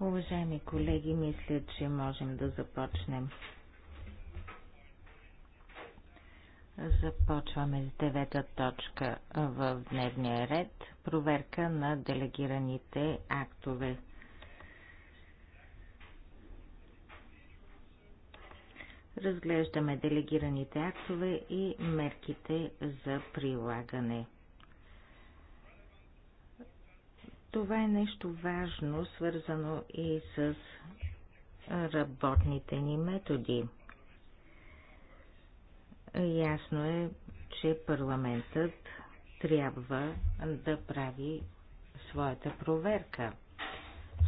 Уважаеми колеги, мисля, че можем да започнем. Започваме с девета точка в дневния ред – проверка на делегираните актове. Разглеждаме делегираните актове и мерките за прилагане – Това е нещо важно, свързано и с работните ни методи. Ясно е, че парламентът трябва да прави своята проверка.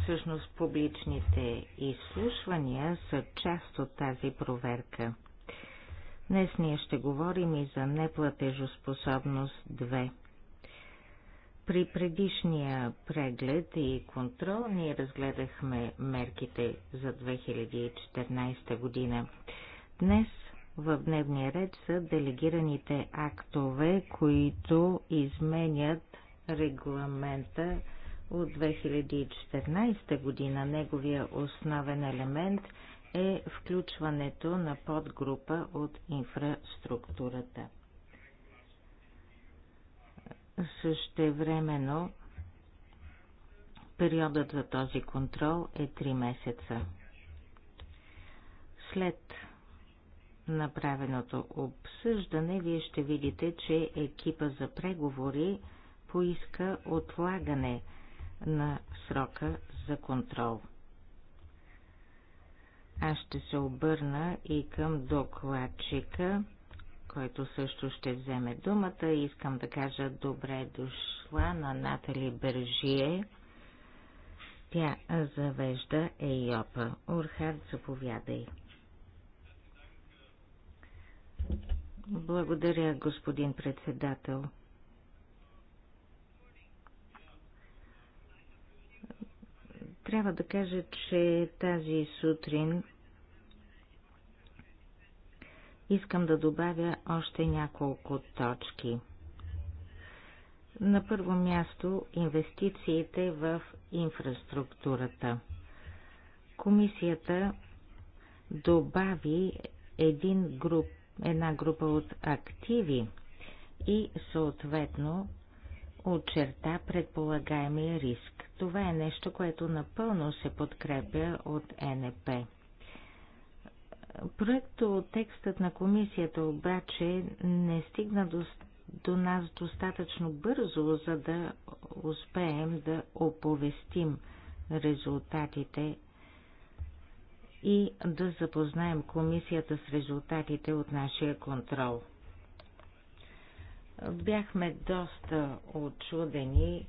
Всъщност публичните изслушвания са част от тази проверка. Днес ние ще говорим и за неплатежоспособност 2. При предишния преглед и контрол ние разгледахме мерките за 2014 година. Днес в дневния ред са делегираните актове, които изменят регламента от 2014 година. Неговия основен елемент е включването на подгрупа от инфраструктурата. Същевременно периодът за този контрол е 3 месеца. След направеното обсъждане, вие ще видите, че екипа за преговори поиска отлагане на срока за контрол. Аз ще се обърна и към докладчика който също ще вземе думата. Искам да кажа добре дошла на Натали Бържие. Тя завежда Ейопа. Урхард, заповядай. Благодаря, господин председател. Трябва да кажа, че тази сутрин искам да добавя още няколко точки. На първо място инвестициите в инфраструктурата. Комисията добави един груп, една група от активи и съответно очерта предполагаемия риск. Това е нещо, което напълно се подкрепя от НП. Проекто текстът на комисията обаче не стигна до, до нас достатъчно бързо, за да успеем да оповестим резултатите и да запознаем комисията с резултатите от нашия контрол. Бяхме доста очудени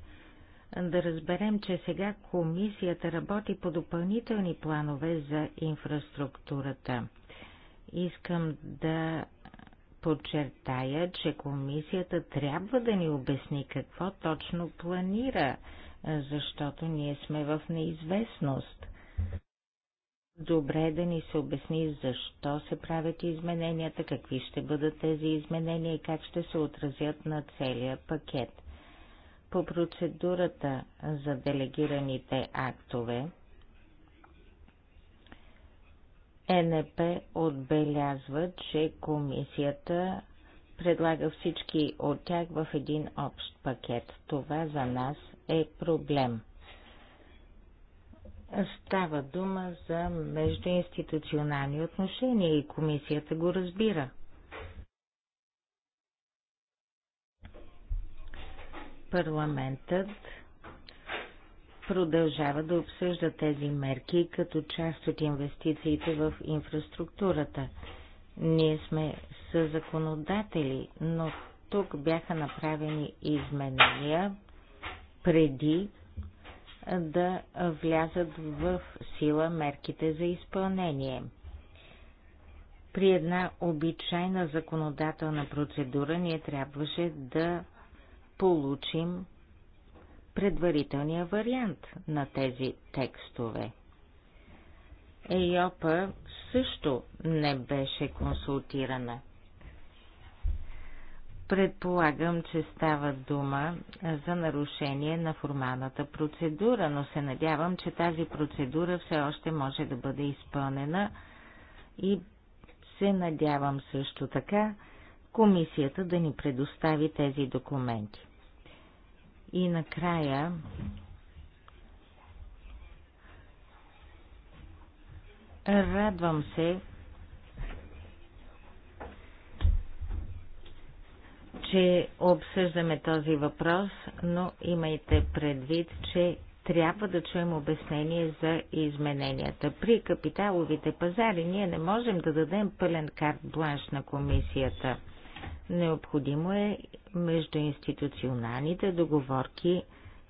да разберем, че сега комисията работи по допълнителни планове за инфраструктурата. Искам да подчертая, че комисията трябва да ни обясни какво точно планира, защото ние сме в неизвестност. Добре е да ни се обясни защо се правят измененията, какви ще бъдат тези изменения и как ще се отразят на целия пакет. По процедурата за делегираните актове, ЕНП отбелязва, че комисията предлага всички от тях в един общ пакет. Това за нас е проблем. Става дума за междуинституционални отношения и комисията го разбира. Парламентът Продължава да обсъжда тези мерки като част от инвестициите в инфраструктурата. Ние сме съзаконодатели, но тук бяха направени изменения преди да влязат в сила мерките за изпълнение. При една обичайна законодателна процедура ние трябваше да получим предварителния вариант на тези текстове. ЕЙОПА също не беше консултирана. Предполагам, че става дума за нарушение на формалната процедура, но се надявам, че тази процедура все още може да бъде изпълнена и се надявам също така комисията да ни предостави тези документи. И накрая радвам се, че обсъждаме този въпрос, но имайте предвид, че трябва да чуем обяснение за измененията. При капиталовите пазари ние не можем да дадем пълен карт бланш на комисията – Необходимо е междуинституционалните договорки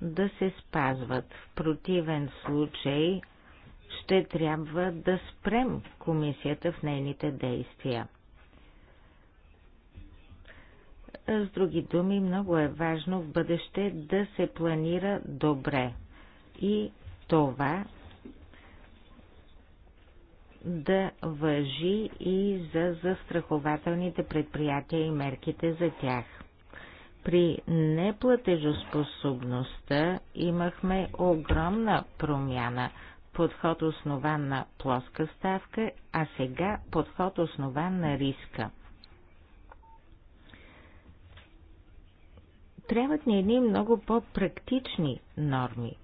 да се спазват. В противен случай ще трябва да спрем комисията в нейните действия. С други думи, много е важно в бъдеще да се планира добре. И това да въжи и за застрахователните предприятия и мерките за тях. При неплатежоспособността имахме огромна промяна подход основан на плоска ставка, а сега подход основан на риска. Трябват ни едни много по-практични норми,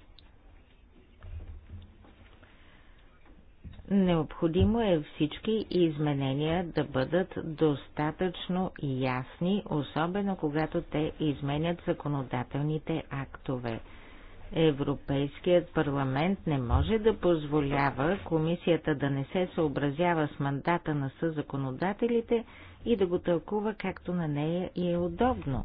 Необходимо е всички изменения да бъдат достатъчно ясни, особено когато те изменят законодателните актове. Европейският парламент не може да позволява комисията да не се съобразява с мандата на съзаконодателите и да го тълкува както на нея и е удобно.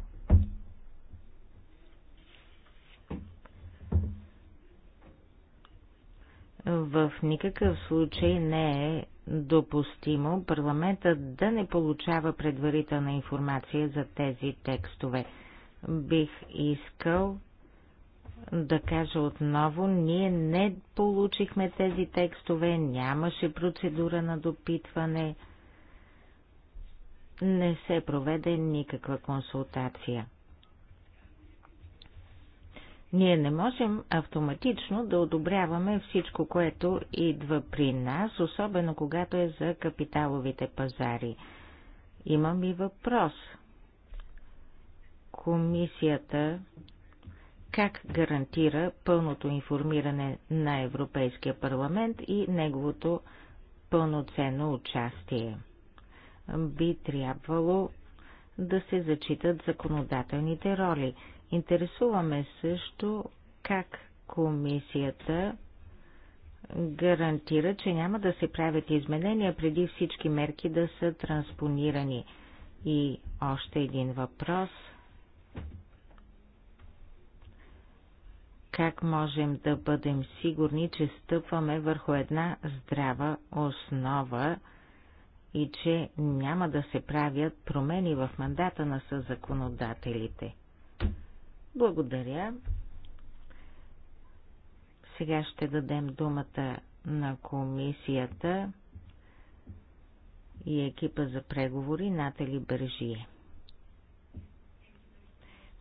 В никакъв случай не е допустимо парламентът да не получава предварителна информация за тези текстове. Бих искал да кажа отново, ние не получихме тези текстове, нямаше процедура на допитване, не се проведе никаква консултация. Ние не можем автоматично да одобряваме всичко, което идва при нас, особено когато е за капиталовите пазари. Имам и въпрос. Комисията как гарантира пълното информиране на Европейския парламент и неговото пълноценно участие? Би трябвало да се зачитат законодателните роли – Интересуваме също как комисията гарантира, че няма да се правят изменения преди всички мерки да са транспонирани. И още един въпрос. Как можем да бъдем сигурни, че стъпваме върху една здрава основа и че няма да се правят промени в мандата на съзаконодателите? Благодаря. Сега ще дадем думата на комисията и екипа за преговори Натали Бържие.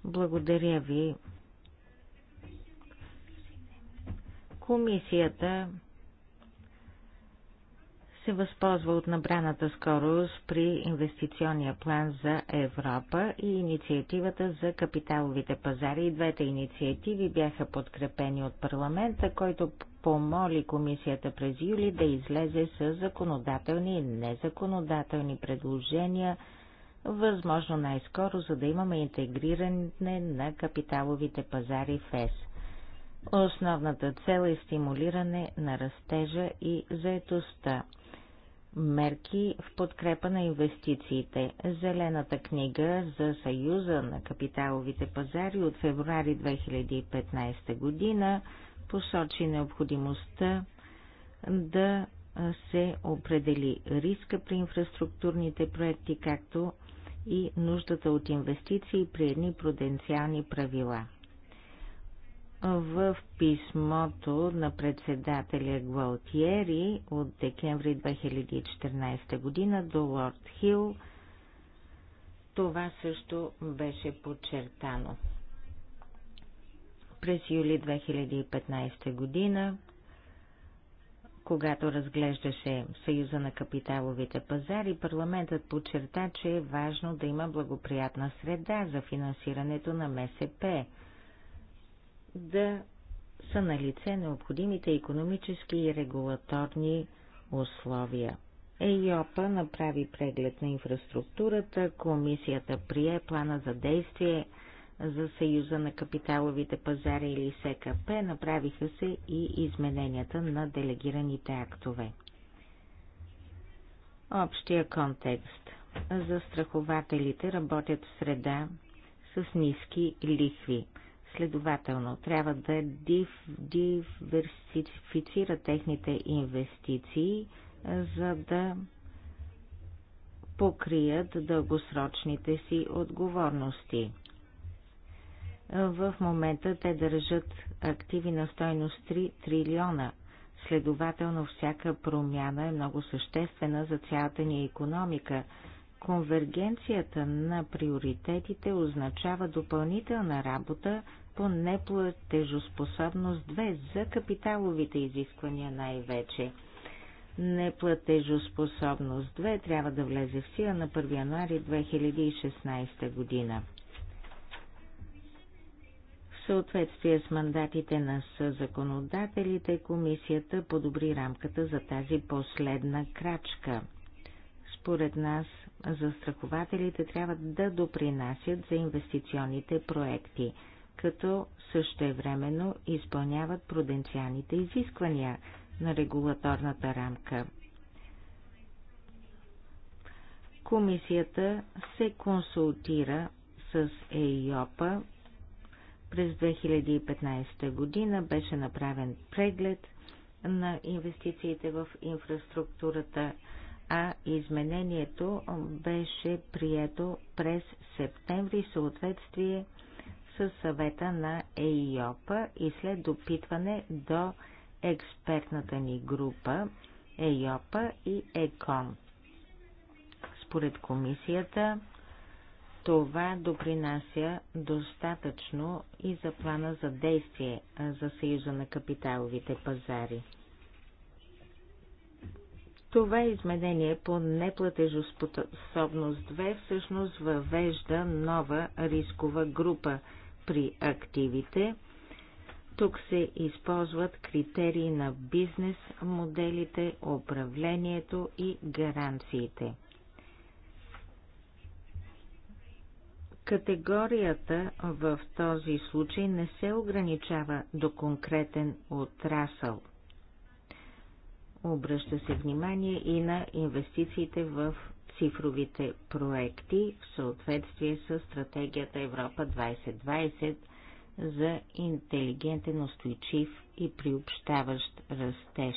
Благодаря ви. Комисията се възползва от набраната скорост при инвестиционния план за Европа и инициативата за капиталовите пазари. И двете инициативи бяха подкрепени от парламента, който помоли комисията през юли да излезе с законодателни и незаконодателни предложения, възможно най-скоро, за да имаме интегриране на капиталовите пазари в ЕС. Основната цел е стимулиране на растежа и заетостта мерки в подкрепа на инвестициите. Зелената книга за Съюза на капиталовите пазари от февруари 2015 година посочи необходимостта да се определи риска при инфраструктурните проекти, както и нуждата от инвестиции при едни пруденциални правила. В писмото на председателя Гвалтиери от декември 2014 година до Лорд Хил това също беше подчертано. През юли 2015 година, когато разглеждаше Съюза на капиталовите пазари, парламентът подчерта, че е важно да има благоприятна среда за финансирането на МСП – да са на лице необходимите економически и регулаторни условия. ЕИОПА направи преглед на инфраструктурата, комисията прие плана за действие за Съюза на капиталовите пазари или СКП, направиха се и измененията на делегираните актове. Общия контекст Застрахователите работят в среда с ниски лихви – Следователно, трябва да див, диверсифицира техните инвестиции, за да покрият дългосрочните си отговорности. В момента те държат активи на стойност 3 трилиона. Следователно, всяка промяна е много съществена за цялата ни економика. Конвергенцията на приоритетите означава допълнителна работа по неплатежоспособност 2 за капиталовите изисквания най-вече. Неплатежоспособност 2 трябва да влезе в сила на 1 януари 2016 година. В съответствие с мандатите на съзаконодателите, комисията подобри рамката за тази последна крачка. Според нас, застрахователите трябва да допринасят за инвестиционните проекти – като същевременно изпълняват пруденциалните изисквания на регулаторната рамка. Комисията се консултира с ЕИОПА през 2015 година беше направен преглед на инвестициите в инфраструктурата, а изменението беше прието през септември съответствие със съвета на ЕИОПа и след допитване до експертната ни група ЕИОПа и ЕКОН. Според комисията това допринася достатъчно и за плана за действие за Съюза на капиталовите пазари. Това изменение по неплатежоспособност 2 всъщност въвежда нова рискова група при активите. Тук се използват критерии на бизнес моделите, управлението и гаранциите. Категорията в този случай не се ограничава до конкретен отрасъл. Обръща се внимание и на инвестициите в цифровите проекти в съответствие с стратегията Европа 2020 за интелигентен, устойчив и приобщаващ растеж.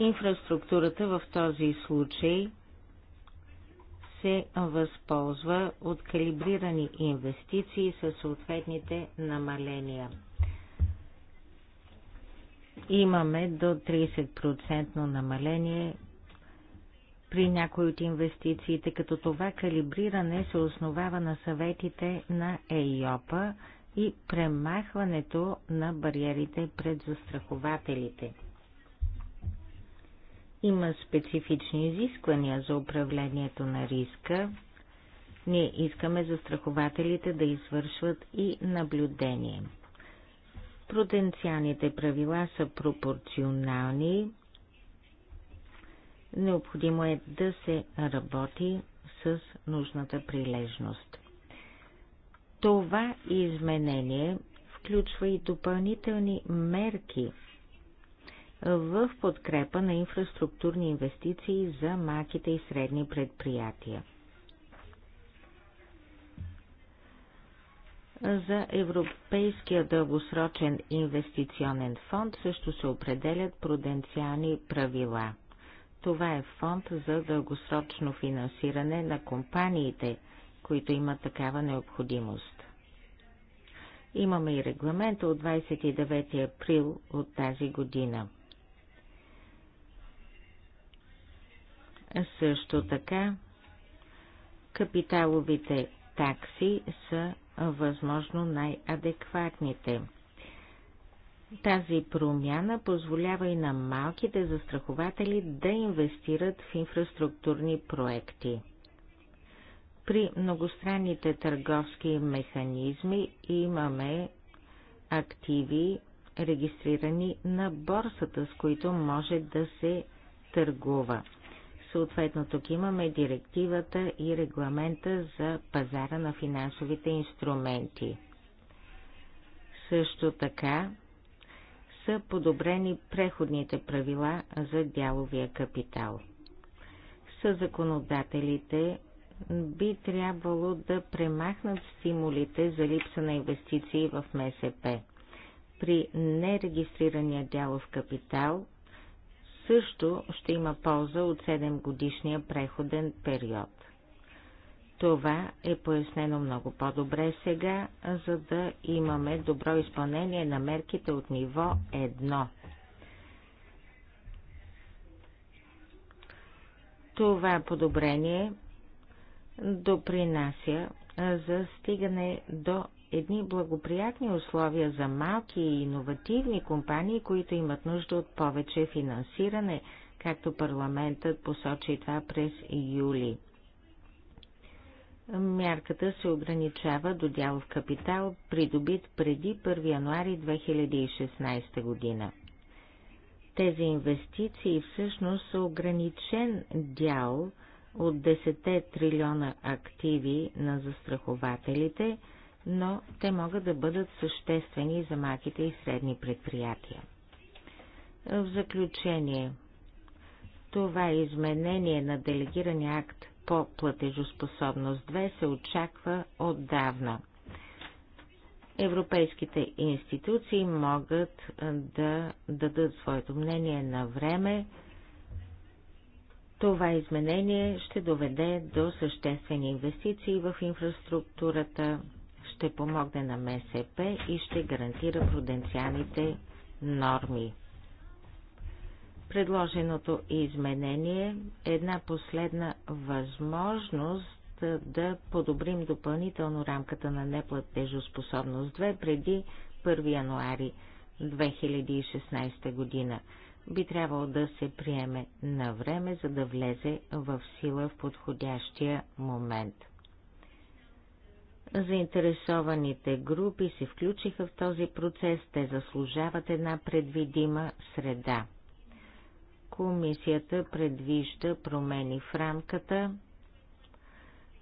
Инфраструктурата в този случай се възползва от калибрирани инвестиции със съответните намаления. Имаме до 30% намаление при някои от инвестициите, като това калибриране се основава на съветите на ЕИОПа и премахването на бариерите пред застрахователите. Има специфични изисквания за управлението на риска. Ние искаме застрахователите да извършват и наблюдение. Пруденциалните правила са пропорционални Необходимо е да се работи с нужната прилежност. Това изменение включва и допълнителни мерки в подкрепа на инфраструктурни инвестиции за малките и средни предприятия. За Европейския дългосрочен инвестиционен фонд също се определят пруденциални правила – това е фонд за дългосрочно финансиране на компаниите, които имат такава необходимост. Имаме и регламента от 29 април от тази година. Също така, капиталовите такси са възможно най-адекватните – тази промяна позволява и на малките застрахователи да инвестират в инфраструктурни проекти. При многостранните търговски механизми имаме активи, регистрирани на борсата, с които може да се търгува. Съответно, тук имаме директивата и регламента за пазара на финансовите инструменти. Също така са подобрени преходните правила за дяловия капитал. Със законодателите би трябвало да премахнат стимулите за липса на инвестиции в МСП. При нерегистрирания дялов капитал също ще има полза от 7 годишния преходен период. Това е пояснено много по-добре сега, за да имаме добро изпълнение на мерките от ниво 1. Това подобрение допринася за стигане до едни благоприятни условия за малки и иновативни компании, които имат нужда от повече финансиране, както парламентът посочи това през юли. Мярката се ограничава до дялов капитал, придобит преди 1 януари 2016 година. Тези инвестиции всъщност са ограничен дял от 10 трилиона активи на застрахователите, но те могат да бъдат съществени за малките и средни предприятия. В заключение, това изменение на делегирания акт по платежоспособност 2 се очаква отдавна. Европейските институции могат да дадат своето мнение на време. Това изменение ще доведе до съществени инвестиции в инфраструктурата, ще помогне на МСП и ще гарантира пруденциалните норми. Предложеното изменение е една последна възможност да подобрим допълнително рамката на неплатежоспособност 2 преди 1 януари 2016 година. Би трябвало да се приеме на време, за да влезе в сила в подходящия момент. Заинтересованите групи се включиха в този процес, те заслужават една предвидима среда. Комисията предвижда промени в рамката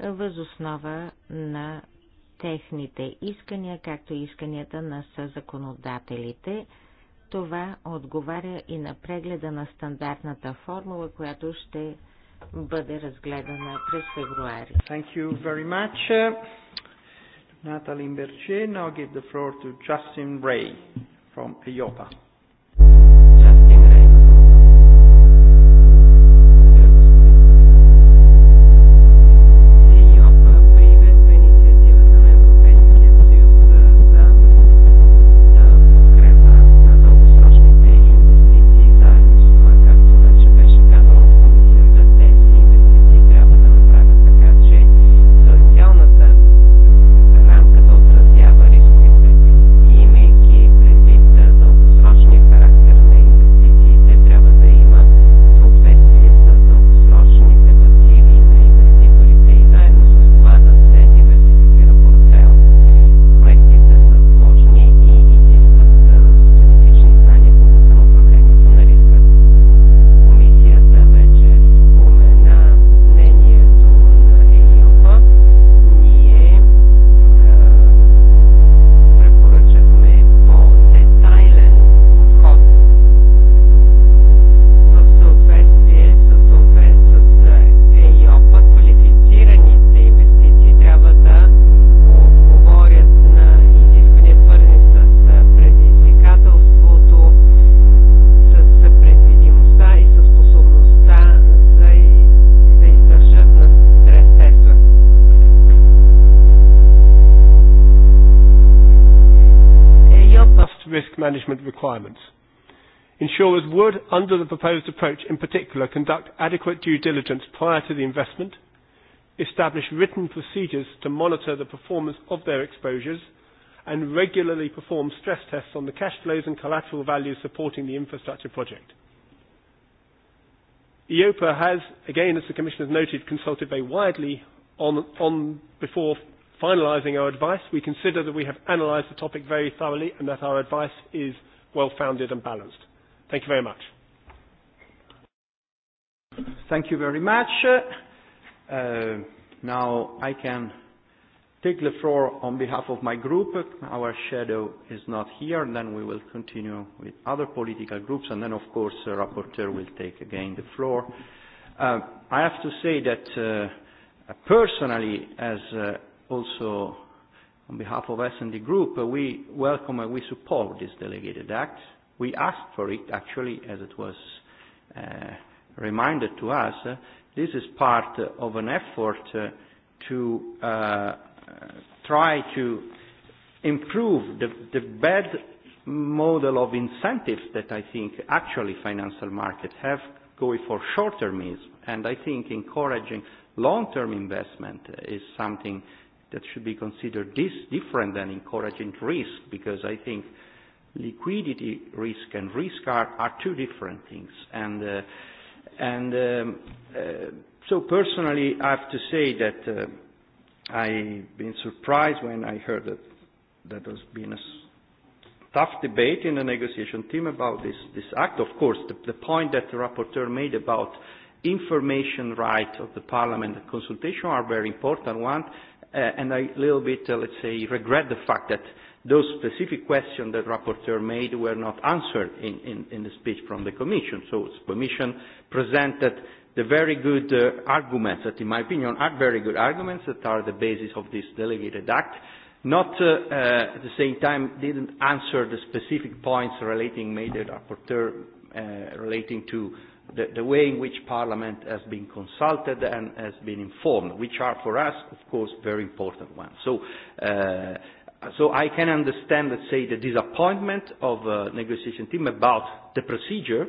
възоснова на техните искания, както и исканията на съзаконодателите. Това отговаря и на прегледа на стандартната формула, която ще бъде разгледана през февруари. Thank you very much. Natalie Berger, now give the floor to Justin Ray from EIOPA. requirements. Insurers would, under the proposed approach in particular, conduct adequate due diligence prior to the investment, establish written procedures to monitor the performance of their exposures, and regularly perform stress tests on the cash flows and collateral values supporting the infrastructure project. EIOPA has, again, as the Commissioner has noted, consulted very widely on, on before finalising our advice. We consider that we have analysed the topic very thoroughly and that our advice is well-founded and balanced. Thank you very much. Thank you very much. Uh, now I can take the floor on behalf of my group. Our shadow is not here, and then we will continue with other political groups, and then, of course, the rapporteur will take again the floor. Uh, I have to say that uh, personally, as uh, also on behalf of S&D Group, we welcome and we support this delegated act. We asked for it, actually, as it was uh, reminded to us. This is part of an effort uh, to uh, try to improve the, the bad model of incentives that I think actually financial markets have going for short means. And I think encouraging long-term investment is something that should be considered this different than encouraging risk because I think liquidity risk and risk are, are two different things. And, uh, and um, uh, so personally, I have to say that uh, I've been surprised when I heard that that has been a tough debate in the negotiation team about this, this act. Of course, the, the point that the rapporteur made about information right of the parliament and consultation are very important ones uh, and I a little bit, uh, let's say, regret the fact that those specific questions that rapporteur made were not answered in, in, in the speech from the Commission. So the Commission presented the very good uh, arguments that, in my opinion, are very good arguments that are the basis of this delegated act, not uh, uh, at the same time didn't answer the specific points relating made the rapporteur uh, relating to the, the way in which Parliament has been consulted and has been informed, which are for us, of course, very important ones. So, uh, so I can understand, let's say, the disappointment of the negotiation team about the procedure.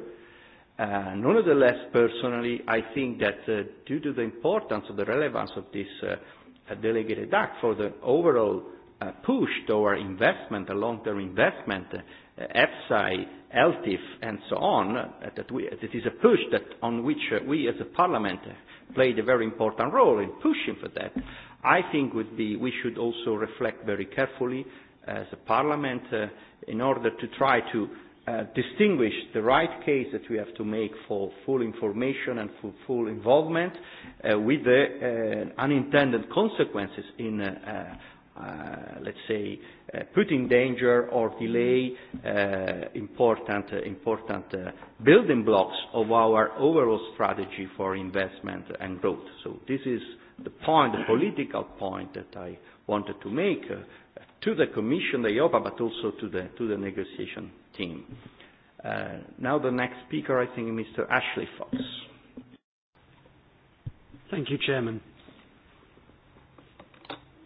Uh, nonetheless, personally, I think that uh, due to the importance of the relevance of this uh, delegated act for the overall uh, push toward investment, a long-term investment, uh, EFSI LTIF and so on, that, we, this is a push that on which we as a parliament played a very important role in pushing for that, I think would be we should also reflect very carefully as a parliament uh, in order to try to uh, distinguish the right case that we have to make for full information and for full involvement uh, with the uh, unintended consequences in, uh, uh, let's say, uh, put in danger or delay uh, important, uh, important uh, building blocks of our overall strategy for investment and growth. So this is the point, the political point that I wanted to make uh, to the Commission, the IOPA, but also to the, to the negotiation team. Uh, now the next speaker, I think, Mr. Ashley Fox. Thank you, Chairman.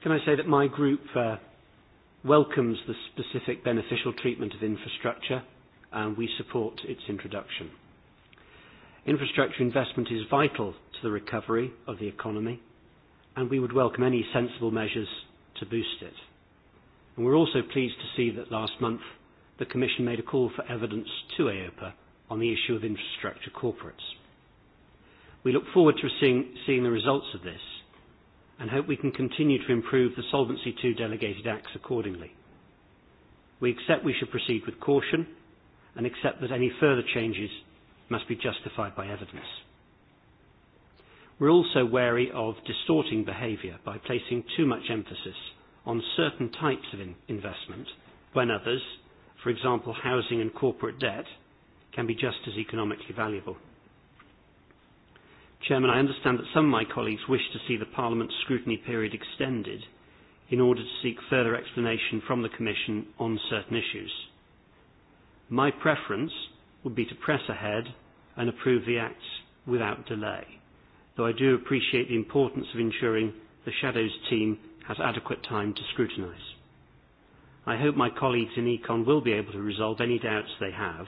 Can I say that my group uh, welcomes the specific beneficial treatment of infrastructure, and we support its introduction. Infrastructure investment is vital to the recovery of the economy, and we would welcome any sensible measures to boost it. And we're also pleased to see that last month the Commission made a call for evidence to AOPA on the issue of infrastructure corporates. We look forward to seeing, seeing the results of this and hope we can continue to improve the Solvency II delegated acts accordingly. We accept we should proceed with caution and accept that any further changes must be justified by evidence. We're also wary of distorting behaviour by placing too much emphasis on certain types of in- investment when others, for example housing and corporate debt, can be just as economically valuable. Chairman, I understand that some of my colleagues wish to see the Parliament's scrutiny period extended in order to seek further explanation from the Commission on certain issues. My preference would be to press ahead and approve the acts without delay, though I do appreciate the importance of ensuring the Shadows team has adequate time to scrutinise. I hope my colleagues in Econ will be able to resolve any doubts they have,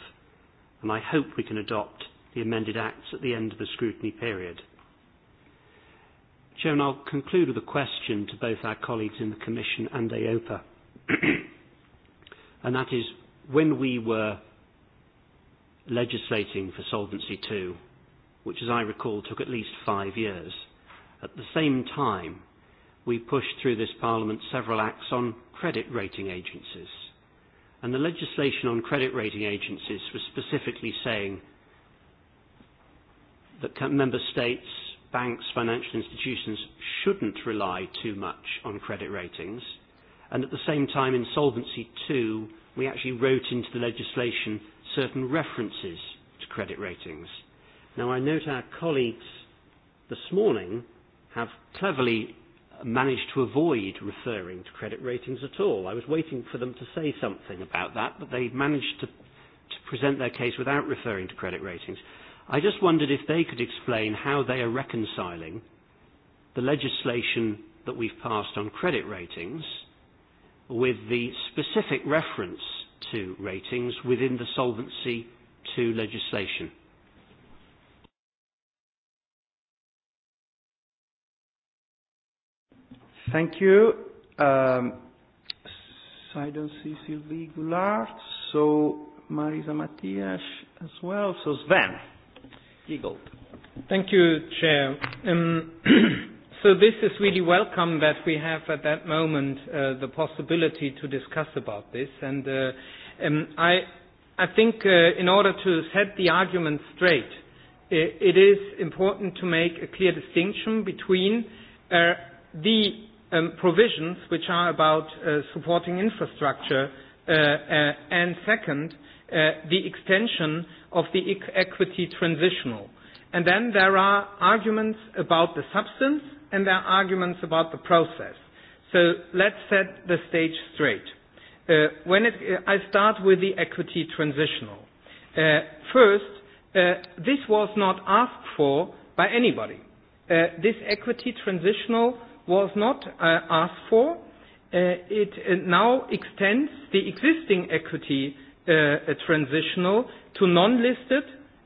and I hope we can adopt the amended acts at the end of the scrutiny period. Chairman, I'll conclude with a question to both our colleagues in the Commission and AOPA. and that is, when we were legislating for Solvency II, which as I recall took at least five years, at the same time we pushed through this Parliament several acts on credit rating agencies. And the legislation on credit rating agencies was specifically saying that member states, banks, financial institutions shouldn't rely too much on credit ratings. And at the same time, in Solvency II, we actually wrote into the legislation certain references to credit ratings. Now, I note our colleagues this morning have cleverly managed to avoid referring to credit ratings at all. I was waiting for them to say something about that, but they managed to, to present their case without referring to credit ratings. I just wondered if they could explain how they are reconciling the legislation that we've passed on credit ratings with the specific reference to ratings within the Solvency II legislation. Thank you. Um, so I don't see Sylvie Goulart, so Marisa Matias as well, so Sven. Giegold. Thank you, Chair. Um, so this is really welcome that we have at that moment uh, the possibility to discuss about this. And uh, um, I, I think uh, in order to set the argument straight, it is important to make a clear distinction between uh, the um, provisions which are about uh, supporting infrastructure uh, uh, and second, uh, uh, the extension of the equity transitional. And then there are arguments about the substance and there are arguments about the process. So let's set the stage straight. Uh, when it, uh, I start with the equity transitional. Uh, first, uh, this was not asked for by anybody. Uh, this equity transitional was not uh, asked for. Uh, it uh, now extends the existing equity uh, a transitional to non-listed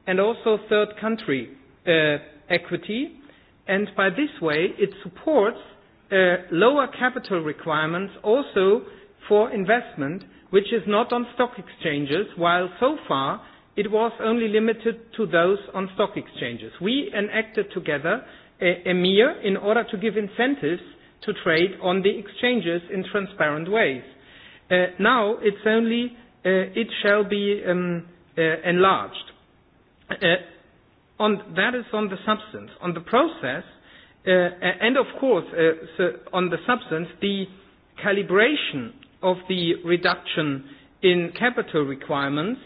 and also third country uh, equity. And by this way, it supports uh, lower capital requirements also for investment, which is not on stock exchanges, while so far it was only limited to those on stock exchanges. We enacted together a a MIR in order to give incentives to trade on the exchanges in transparent ways. Uh, now it's only uh, it shall be um, uh, enlarged. Uh, on, that is on the substance. On the process, uh, and of course, uh, so on the substance, the calibration of the reduction in capital requirements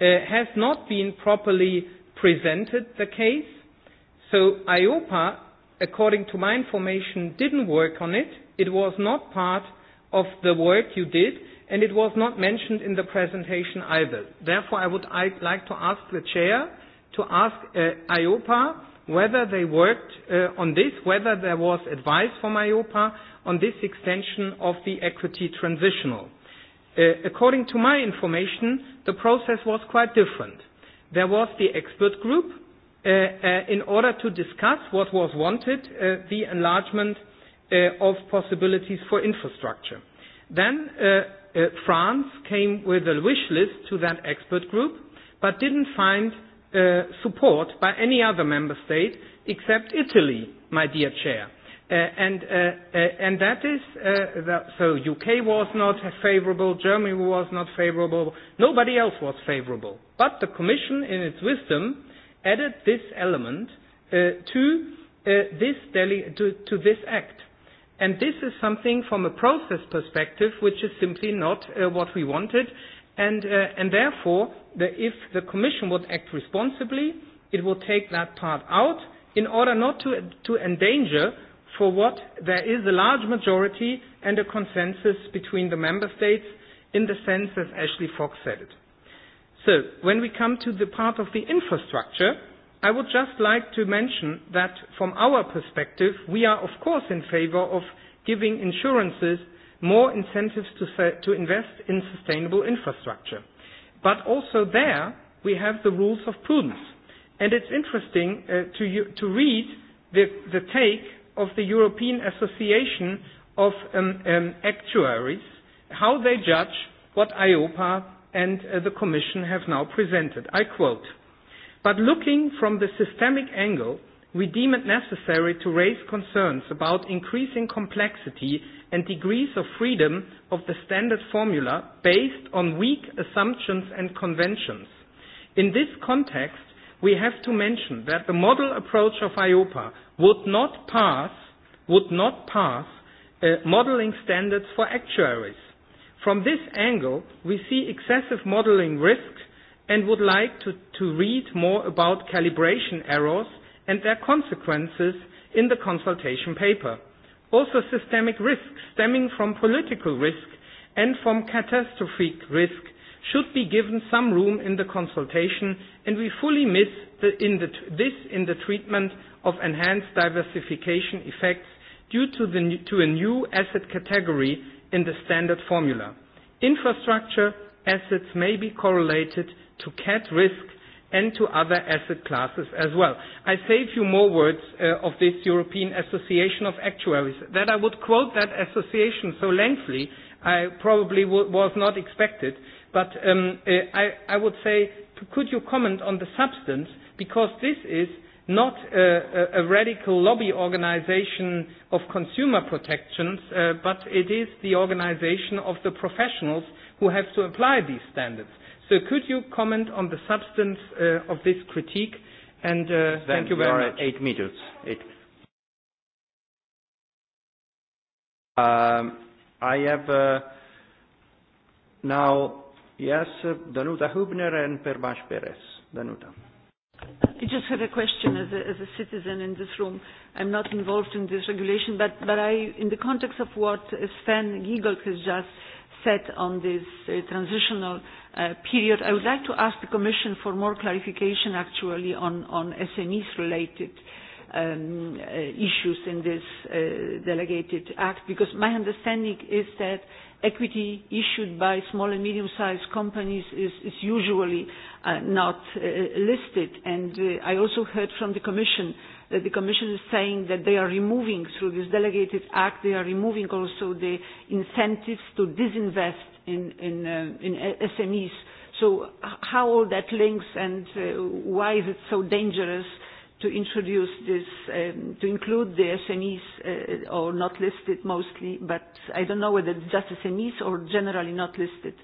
uh, has not been properly presented the case. So IOPA, according to my information, didn't work on it. It was not part of the work you did and it was not mentioned in the presentation either. Therefore, I would like to ask the chair to ask uh, IOPA whether they worked uh, on this, whether there was advice from IOPA on this extension of the equity transitional. Uh, according to my information, the process was quite different. There was the expert group uh, uh, in order to discuss what was wanted, uh, the enlargement uh, of possibilities for infrastructure. Then uh, uh, France came with a wish list to that expert group, but didn't find uh, support by any other member state except Italy, my dear chair. Uh, and, uh, uh, and that is, uh, the, so UK was not favourable, Germany was not favourable, nobody else was favourable. But the Commission, in its wisdom, added this element uh, to, uh, this deli- to, to this act And this is something from a process perspective which is simply not uh, what we wanted. And, uh, and therefore, the, if the Commission would act responsibly, it would take that part out in order not to, to endanger for what there is a large majority and a consensus between the member states in the sense as Ashley Fox said it. So when we come to the part of the infrastructure, I would just like to mention that from our perspective, we are of course in favor of giving insurances more incentives to, to invest in sustainable infrastructure. But also there, we have the rules of prudence. And it's interesting uh, to, you, to read the, the take of the European Association of um, um, Actuaries, how they judge what IOPA and uh, the Commission have now presented. I quote, But looking from the systemic angle, we deem it necessary to raise concerns about increasing complexity and degrees of freedom of the standard formula based on weak assumptions and conventions. In this context, we have to mention that the model approach of IOPA would not pass, would not pass uh, modeling standards for actuaries. From this angle, we see excessive modeling risks and would like to, to read more about calibration errors and their consequences in the consultation paper. Also systemic risks stemming from political risk and from catastrophic risk should be given some room in the consultation and we fully miss the, in the, this in the treatment of enhanced diversification effects due to, the, to a new asset category in the standard formula. Infrastructure assets may be correlated to cat risk and to other asset classes as well. I say a few more words uh, of this European Association of Actuaries. That I would quote that association so lengthily, I probably w- was not expected. But um, uh, I, I would say, could you comment on the substance? Because this is not a, a radical lobby organization of consumer protections, uh, but it is the organization of the professionals who have to apply these standards. So could you comment on the substance uh, of this critique? And uh, thank you very much. Eight minutes. Eight. Um, I have uh, now, yes, Danuta Hubner and Permash Perez. Danuta. I just had a question as a, as a citizen in this room. I'm not involved in this regulation, but, but I, in the context of what Sven Giegel has just set on this uh, transitional uh, period. I would like to ask the Commission for more clarification actually on, on SMEs related um, uh, issues in this uh, delegated act because my understanding is that equity issued by small and medium-sized companies is, is usually uh, not uh, listed and uh, I also heard from the Commission uh, that the Commission is saying that they are removing, through this delegated act, they are removing also the incentives to disinvest in, in, uh, in SMEs. So how all that links and uh, why is it so dangerous to introduce this, um, to include the SMEs uh, or not listed mostly, but I don't know whether it's just SMEs or generally not listed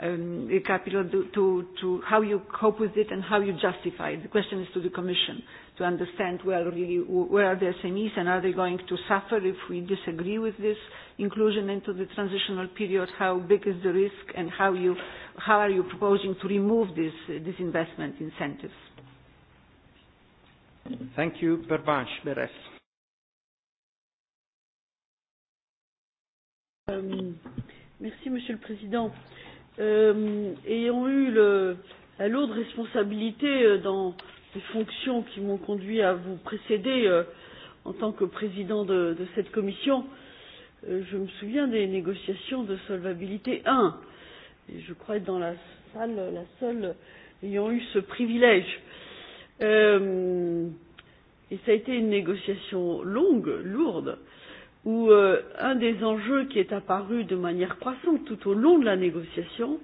um, capital to, to, to how you cope with it and how you justify it. The question is to the Commission to understand well really where are the SMEs and are they going to suffer if we disagree with this inclusion into the transitional period, how big is the risk and how, you, how are you proposing to remove this, uh, this investment incentives? Thank you, Berbash, Beres. Um, merci, Monsieur le Président. Um, ayant eu le, la lourde responsabilité dans ces fonctions qui m'ont conduit à vous précéder euh, en tant que président de, de cette commission, euh, je me souviens des négociations de solvabilité 1. Et je crois être dans la salle la seule ayant eu ce privilège. Euh, et ça a été une négociation longue, lourde, où euh, un des enjeux qui est apparu de manière croissante tout au long de la négociation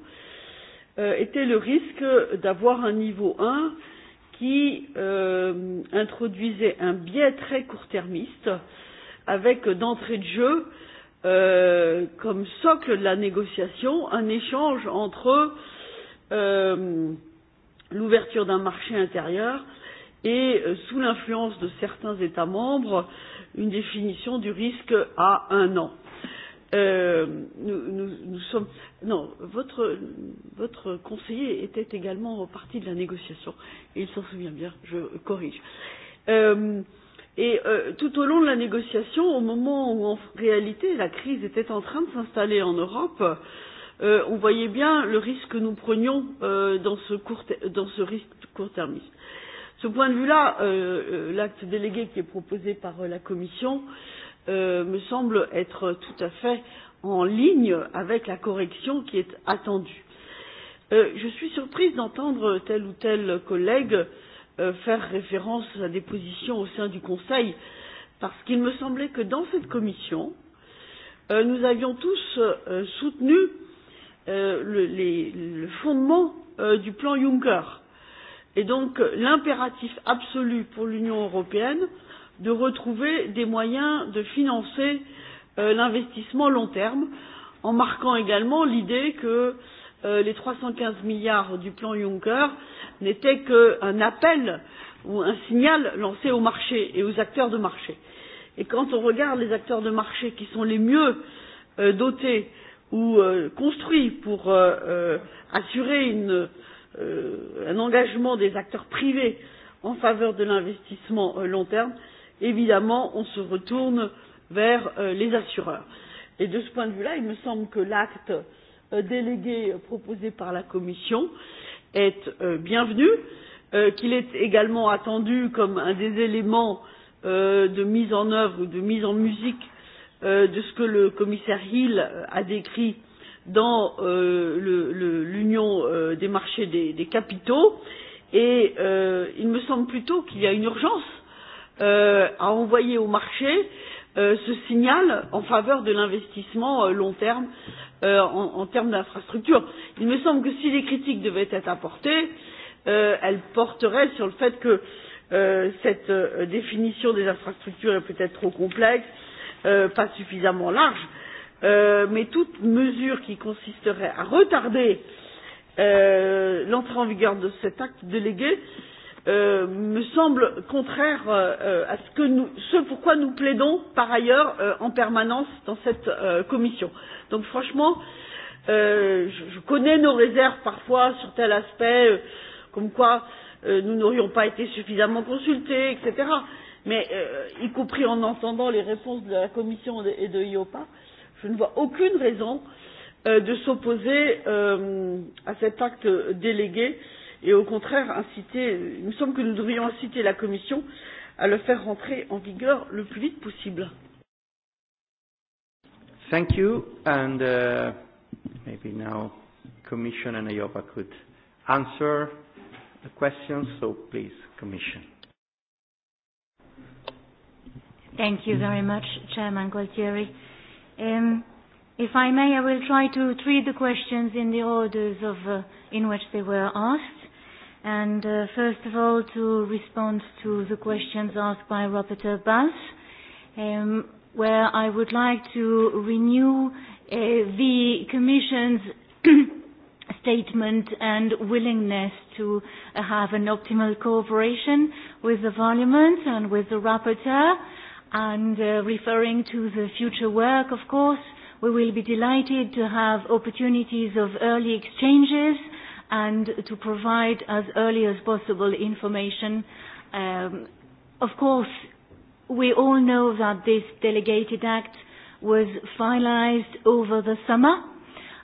euh, était le risque d'avoir un niveau 1 qui euh, introduisait un biais très court-termiste avec d'entrée de jeu euh, comme socle de la négociation un échange entre euh, l'ouverture d'un marché intérieur et euh, sous l'influence de certains États membres une définition du risque à un an. Euh, nous, nous, nous sommes. Non, votre, votre conseiller était également partie de la négociation. Et il s'en souvient bien, je corrige. Euh, et euh, tout au long de la négociation, au moment où en réalité la crise était en train de s'installer en Europe, euh, on voyait bien le risque que nous prenions euh, dans, ce court, dans ce risque court-termiste. ce point de vue-là, euh, l'acte délégué qui est proposé par euh, la Commission euh, euh, me semble être tout à fait en ligne avec la correction qui est attendue. Euh, je suis surprise d'entendre tel ou tel collègue euh, faire référence à des positions au sein du Conseil, parce qu'il me semblait que dans cette commission, euh, nous avions tous euh, soutenu euh, le, les, le fondement euh, du plan Juncker. Et donc l'impératif absolu pour l'Union européenne euh, de retrouver des moyens de financer euh, l'investissement long terme, en marquant également l'idée que euh, les 315 milliards du plan Juncker n'étaient qu'un appel ou un signal lancé au marché et aux acteurs de marché. Et quand on regarde les acteurs de marché qui sont les mieux euh, dotés ou euh, construits pour euh, euh, assurer une, euh, un engagement des acteurs privés en faveur de l'investissement euh, long terme, évidemment, on se retourne vers euh, les assureurs. Et de ce point de vue-là, il me semble que l'acte euh, délégué proposé par la Commission est euh, bienvenu, euh, qu'il est également attendu comme un des éléments euh, de mise en œuvre ou de mise en musique euh, de ce que le commissaire Hill a décrit dans euh, l'union euh, des marchés des, des capitaux et euh, il me semble plutôt qu'il y a une urgence euh, à envoyer au marché euh, ce signal en faveur de l'investissement euh, long terme euh, en, en termes d'infrastructures. Il me semble que si les critiques devaient être apportées, euh, elles porteraient sur le fait que euh, cette euh, définition des infrastructures est peut-être trop complexe, euh, pas suffisamment large, euh, mais toute mesure qui consisterait à retarder euh, l'entrée en vigueur de cet acte délégué euh, me semble contraire euh, à ce, que nous, ce pourquoi nous plaidons par ailleurs euh, en permanence dans cette euh, commission. Donc franchement, euh, je, je connais nos réserves parfois sur tel aspect, euh, comme quoi euh, nous n'aurions pas été suffisamment consultés, etc. Mais euh, y compris en entendant les réponses de la Commission et de IOPA, je ne vois aucune raison euh, de s'opposer euh, à cet acte délégué euh, et au contraire inciter, il me semble que nous devrions inciter la Commission à le faire rentrer en vigueur le plus vite possible. Thank you, and uh, maybe now Commission and IOPA could answer the questions, so please, Commission. Thank you very much, Chairman Gualtieri. Um, if I may, I will try to treat the questions in the orders of, uh, in which they were asked. And uh, first of all, to respond to the questions asked by Rapporteur Bass, um, where I would like to renew uh, the Commission's statement and willingness to uh, have an optimal cooperation with the Parliament and with the Rapporteur, and uh, referring to the future work, of course, we will be delighted to have opportunities of early exchanges and to provide as early as possible information. Um, of course, we all know that this delegated act was finalized over the summer,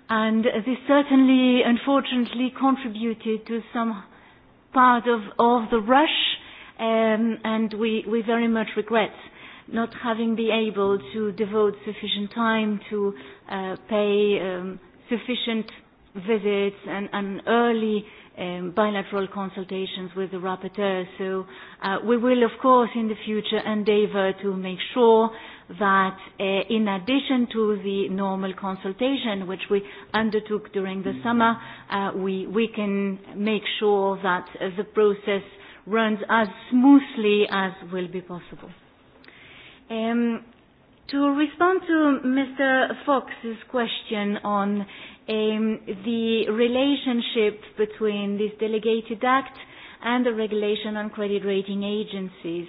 and this certainly, unfortunately, contributed to some part of, of the rush, um, and we, we very much regret not having been able to devote sufficient time to uh, pay um, sufficient visits and, and early um, bilateral consultations with the rapporteur. So uh, we will, of course, in the future endeavour to make sure that uh, in addition to the normal consultation which we undertook during the summer, uh, we, we can make sure that uh, the process runs as smoothly as will be possible. Um, to respond to Mr. Fox's question on um, the relationship between this delegated act and the regulation on credit rating agencies.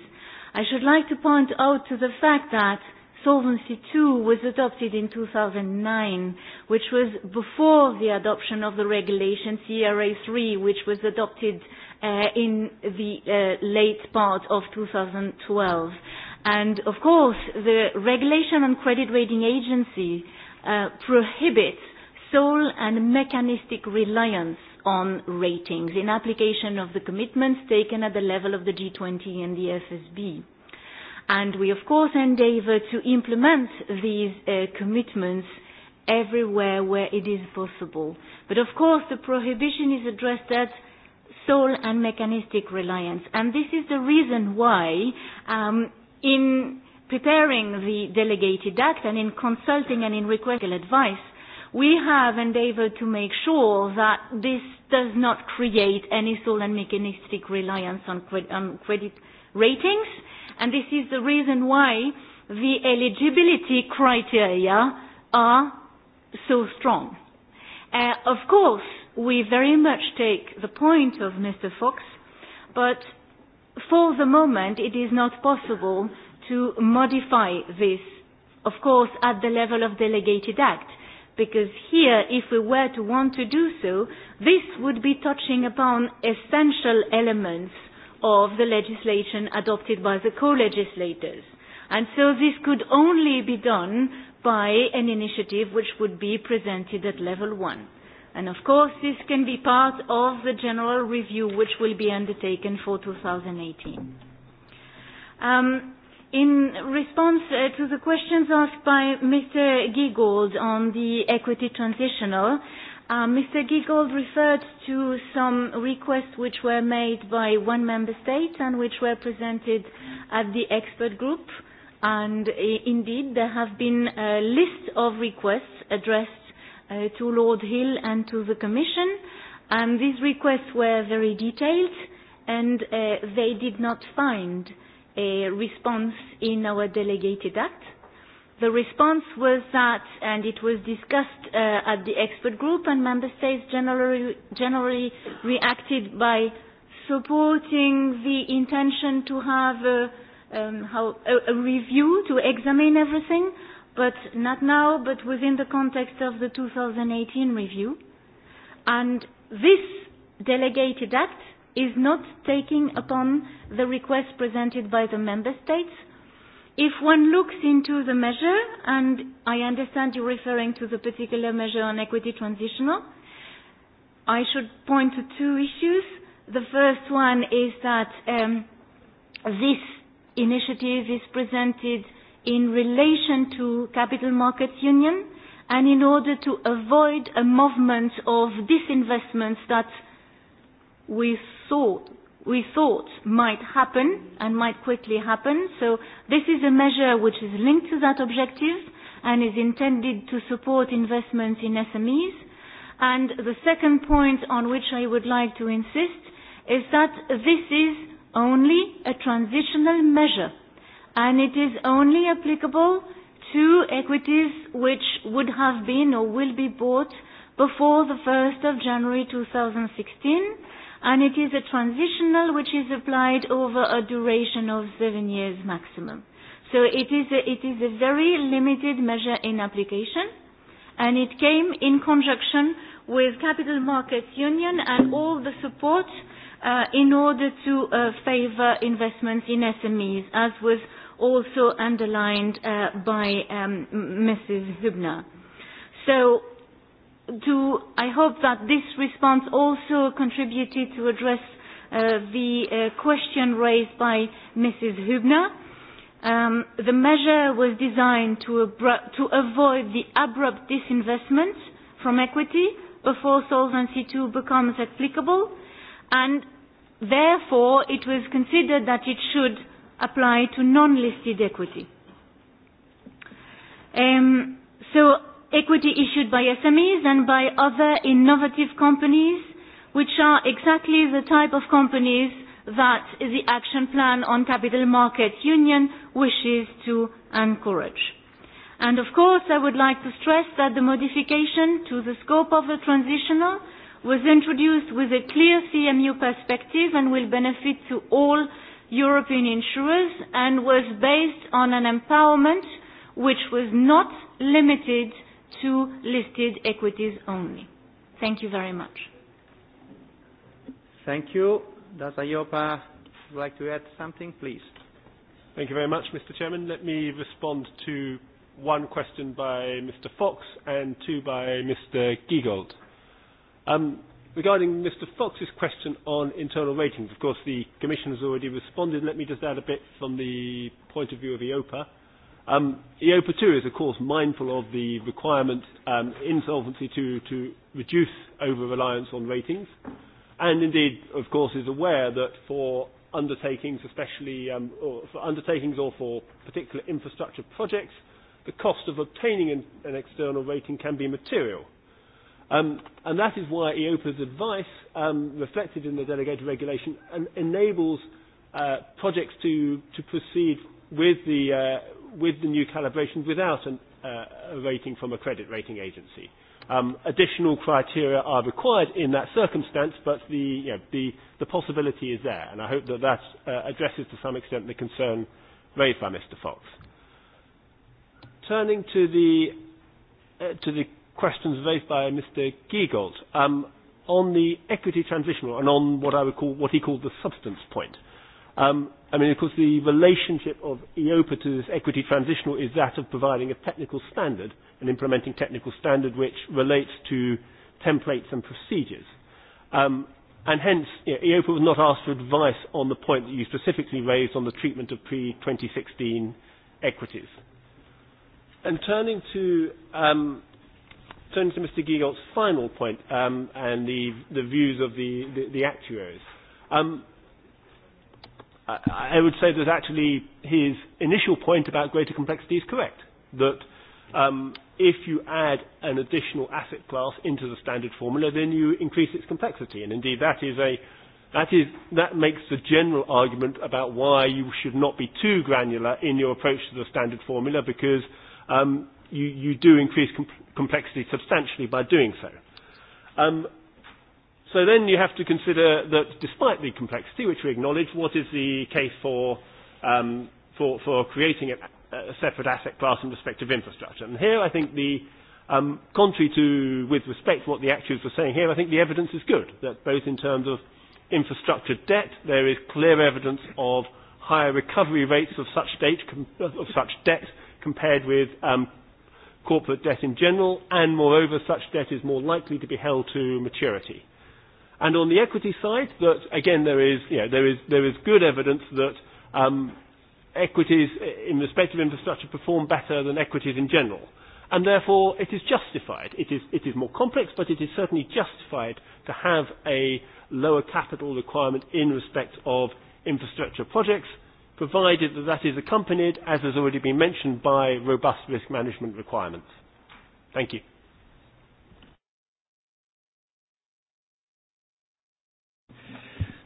I should like to point out to the fact that Solvency II was adopted in 2009, which was before the adoption of the regulation CRA 3, which was adopted uh, in the uh, late part of 2012. And of course, the regulation on credit rating agency uh, prohibits sole and mechanistic reliance on ratings in application of the commitments taken at the level of the G20 and the FSB. And we, of course, endeavour to implement these uh, commitments everywhere where it is possible. But, of course, the prohibition is addressed at sole and mechanistic reliance. And this is the reason why, um, in preparing the delegated act and in consulting and in requesting advice, we have endeavored to make sure that this does not create any sole and mechanistic reliance on, cre- on credit ratings, and this is the reason why the eligibility criteria are so strong. Uh, of course, we very much take the point of Mr. Fox, but for the moment it is not possible to modify this, of course, at the level of delegated act because here, if we were to want to do so, this would be touching upon essential elements of the legislation adopted by the co-legislators. And so this could only be done by an initiative which would be presented at level one. And of course, this can be part of the general review which will be undertaken for 2018. Um, In response uh, to the questions asked by Mr. Giegold on the equity transitional, uh, Mr. Giegold referred to some requests which were made by one member state and which were presented at the expert group. And uh, indeed, there have been a list of requests addressed uh, to Lord Hill and to the Commission. And these requests were very detailed and uh, they did not find uh, a response in our delegated act. The response was that, and it was discussed uh, at the expert group, and member states generally, generally reacted by supporting the intention to have a, um, how, a, a review to examine everything, but not now, but within the context of the 2018 review. And this delegated act is not taking upon the request presented by the member states. If one looks into the measure, and I understand you're referring to the particular measure on equity transitional, I should point to two issues. The first one is that um, this initiative is presented in relation to capital markets union and in order to avoid a movement of disinvestments that we thought we thought might happen and might quickly happen. So this is a measure which is linked to that objective and is intended to support investments in SMEs. And the second point on which I would like to insist is that this is only a transitional measure and it is only applicable to equities which would have been or will be bought before the 1st of January 2016 and it is a transitional which is applied over a duration of seven years maximum. So it is a, it is a very limited measure in application, and it came in conjunction with Capital Markets Union and all the support uh, in order to uh, favour investments in SMEs, as was also underlined uh, by um, Mrs. Hübner. So do, I hope that this response also contributed to address uh, the uh, question raised by Mrs. Hübner. Um, the measure was designed to, to avoid the abrupt disinvestment from equity before Solvency II becomes applicable, and therefore it was considered that it should apply to non-listed equity. Um, so equity issued by SMEs and by other innovative companies, which are exactly the type of companies that the action plan on capital market union wishes to encourage. And of course, I would like to stress that the modification to the scope of the transitional was introduced with a clear CMU perspective and will benefit to all European insurers and was based on an empowerment which was not limited to listed equities only. Thank you very much. Thank you. Does EIOPA like to add something, please? Thank you very much, Mr. Chairman. Let me respond to one question by Mr. Fox and two by Mr. Giegold. regarding Mr. Fox's question on internal ratings, of course, the Commission has already responded. Let me just add a bit from the point of view of EOPA. Um, EOPA 2 is, of course, mindful of the requirement um, in Solvency 2 to reduce over-reliance on ratings, and indeed, of course, is aware that for undertakings, especially um, or for undertakings or for particular infrastructure projects, the cost of obtaining an, an external rating can be material. Um, and that is why EOPA's advice, um, reflected in the delegated regulation, um, enables uh, projects to, to proceed with the uh, with the new calibration without an, uh, a rating from a credit rating agency. Um, additional criteria are required in that circumstance, but the, you know, the, the possibility is there, and I hope that that uh, addresses to some extent the concern raised by Mr. Fox. Turning to the, uh, to the questions raised by Mr. Giegold um, on the equity transitional and on what I would call what he called the substance point. Um, I mean, of course, the relationship of EOPA to this equity transitional is that of providing a technical standard and implementing technical standard which relates to templates and procedures. Um, and hence, you know, EOPA was not asked for advice on the point that you specifically raised on the treatment of pre-2016 equities. And turning to um, turning to Mr. Giegold's final point um, and the, the views of the, the, the actuaries. Um, I I would say that actually his initial point about greater complexity is correct. That um, if you add an additional asset class into the standard formula, then you increase its complexity. And indeed, that is a that is that makes the general argument about why you should not be too granular in your approach to the standard formula, because um, you you do increase com- complexity substantially by doing so. Um, So then you have to consider that despite the complexity, which we acknowledge, what is the case for, um, for, for creating a, a separate asset class in respect of infrastructure? And here I think the, um, contrary to, with respect to what the actuaries were saying here, I think the evidence is good, that both in terms of infrastructure debt, there is clear evidence of higher recovery rates of such, date, of such debt compared with um, corporate debt in general, and moreover, such debt is more likely to be held to maturity. And on the equity side, that again there is, you know, there is, there is good evidence that um, equities in respect of infrastructure perform better than equities in general. And therefore, it is justified. It is, it is more complex, but it is certainly justified to have a lower capital requirement in respect of infrastructure projects, provided that that is accompanied, as has already been mentioned, by robust risk management requirements. Thank you.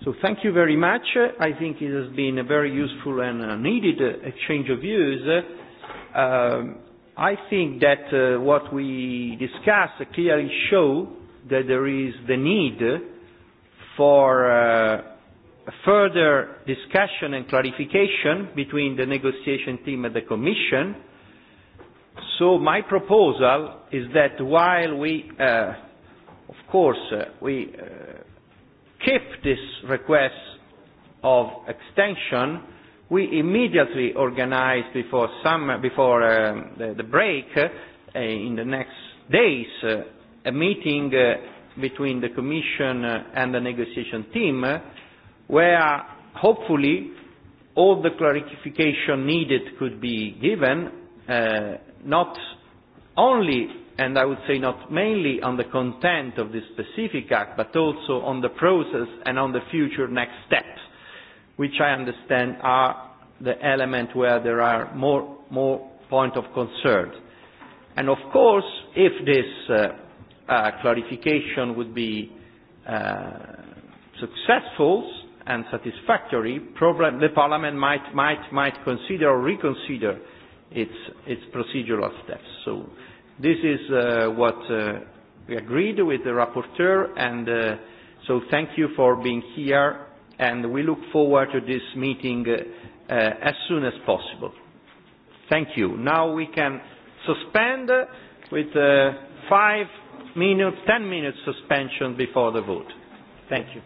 So thank you very much. I think it has been a very useful and needed exchange of views. Um, I think that uh, what we discussed clearly show that there is the need for uh, further discussion and clarification between the negotiation team and the Commission. So my proposal is that while we, uh, of course, uh, we uh, keep this request of extension, we immediately organized before, summer, before um, the, the break, uh, in the next days, uh, a meeting uh, between the Commission uh, and the negotiation team, uh, where hopefully all the clarification needed could be given, uh, not only and I would say not mainly on the content of this specific act, but also on the process and on the future next steps, which I understand are the element where there are more, more points of concern. And of course, if this uh, uh, clarification would be uh, successful and satisfactory, problem, the Parliament might, might, might consider or reconsider its, its procedural steps. So This is uh, what uh, we agreed with the rapporteur, and uh, so thank you for being here, and we look forward to this meeting uh, uh, as soon as possible. Thank you. Now we can suspend with uh, five minutes, ten minutes suspension before the vote. Thank you.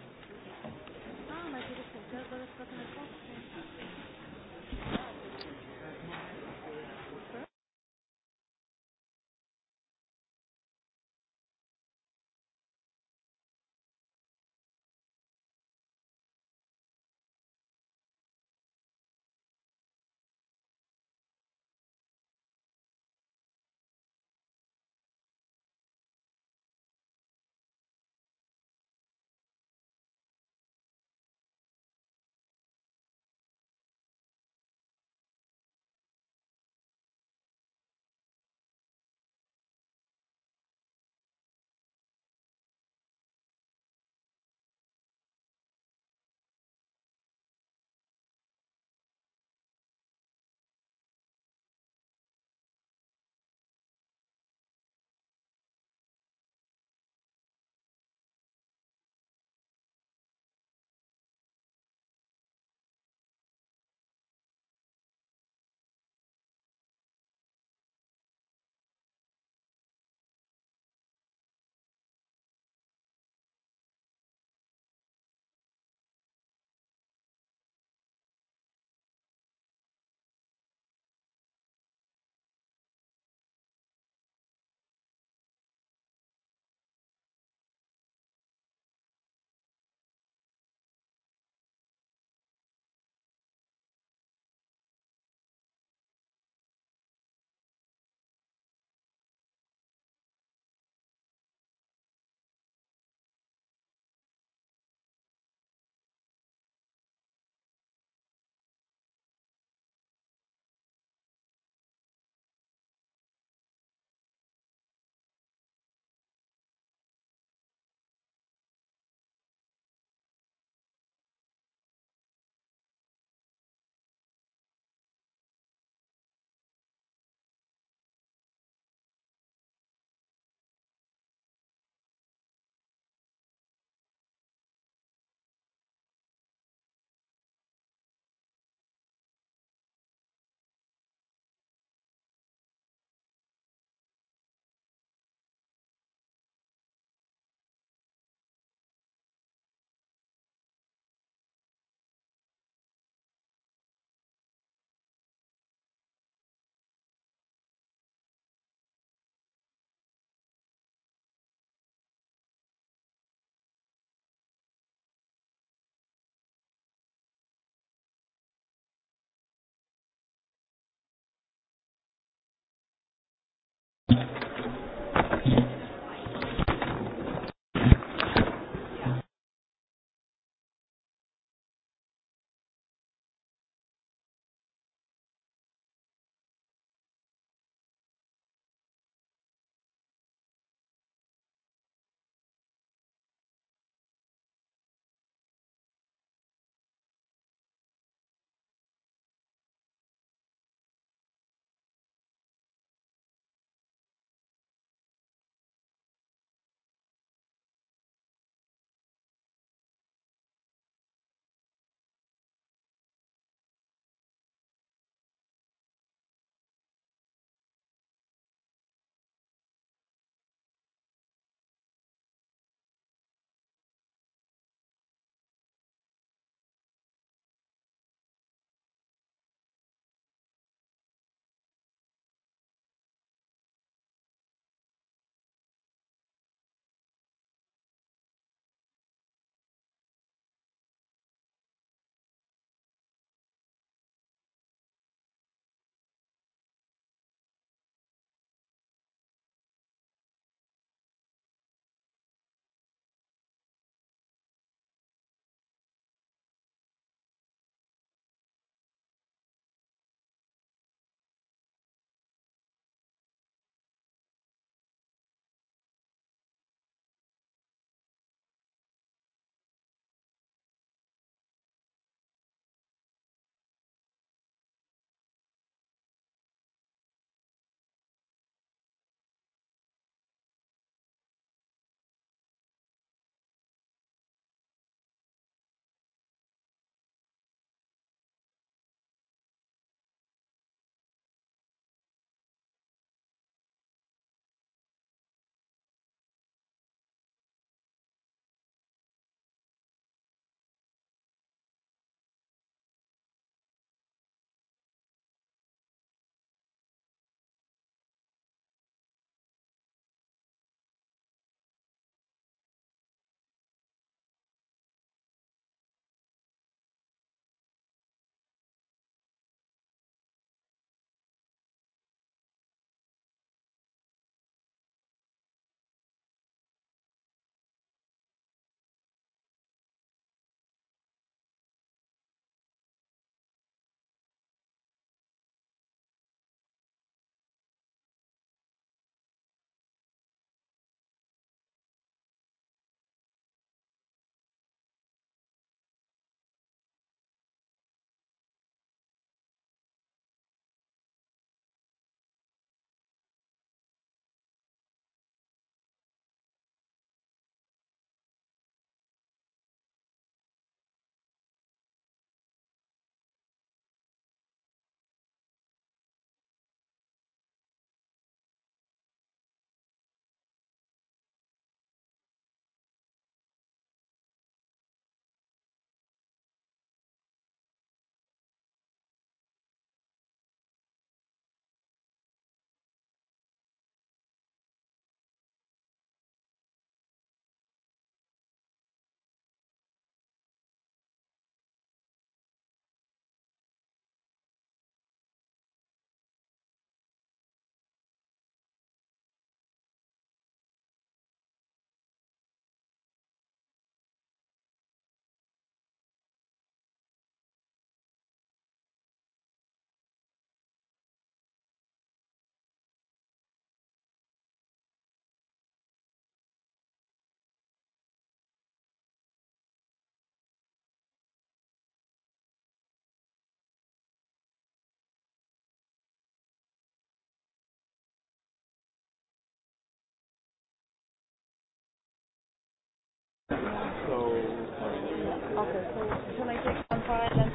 Okay, so can I take some file and...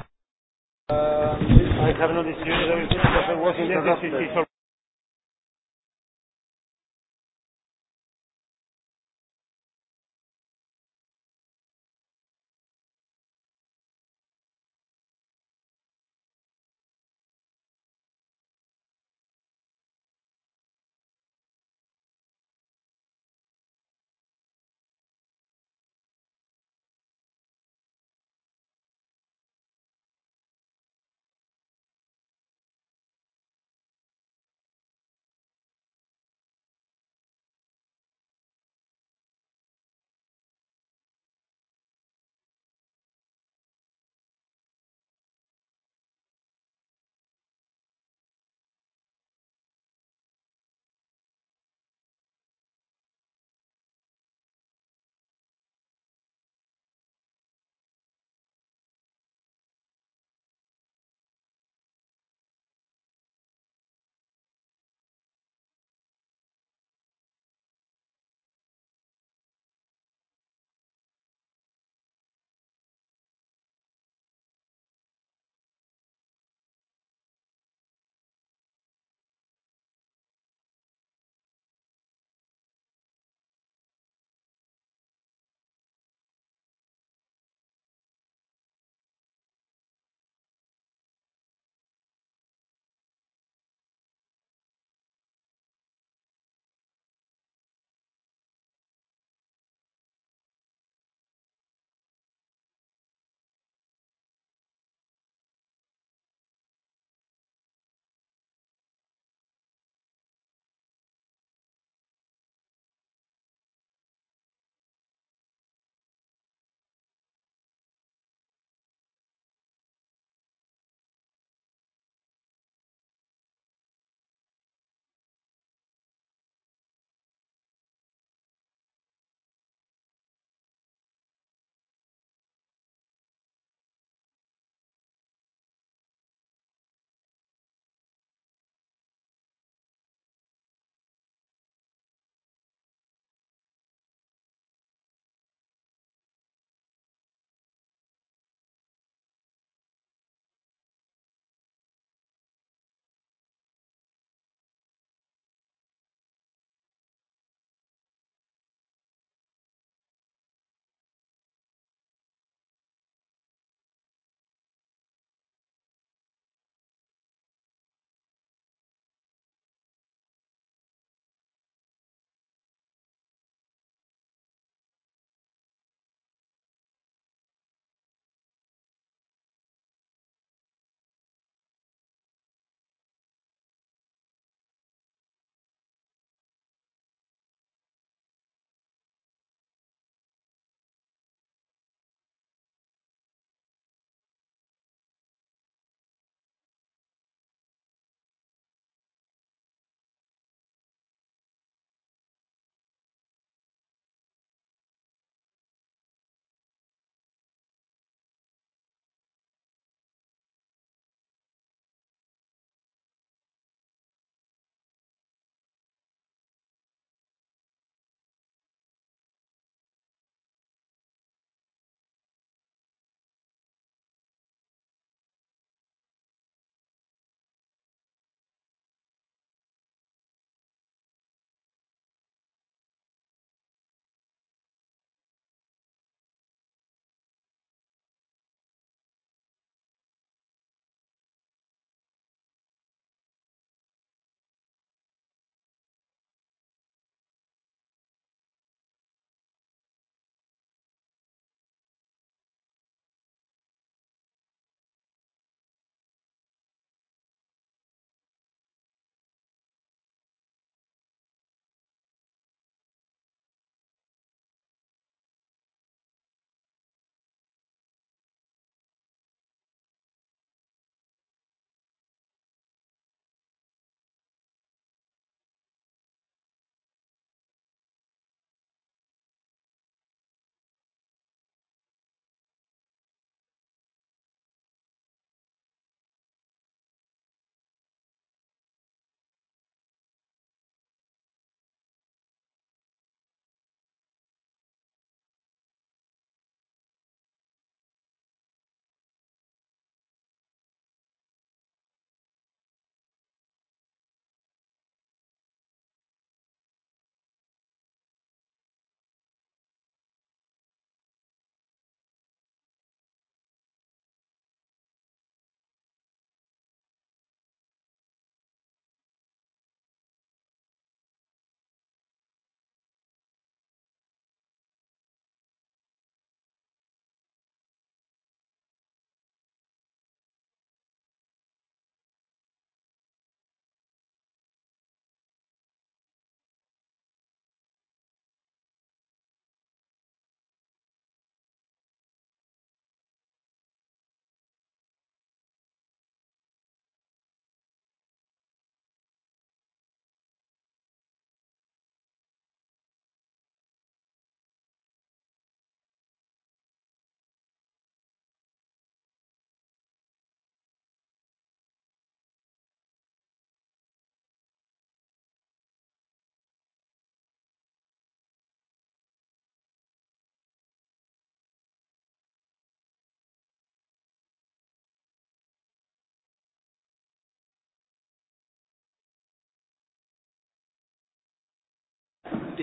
Uh, I have not distributed everything because I was interrupted.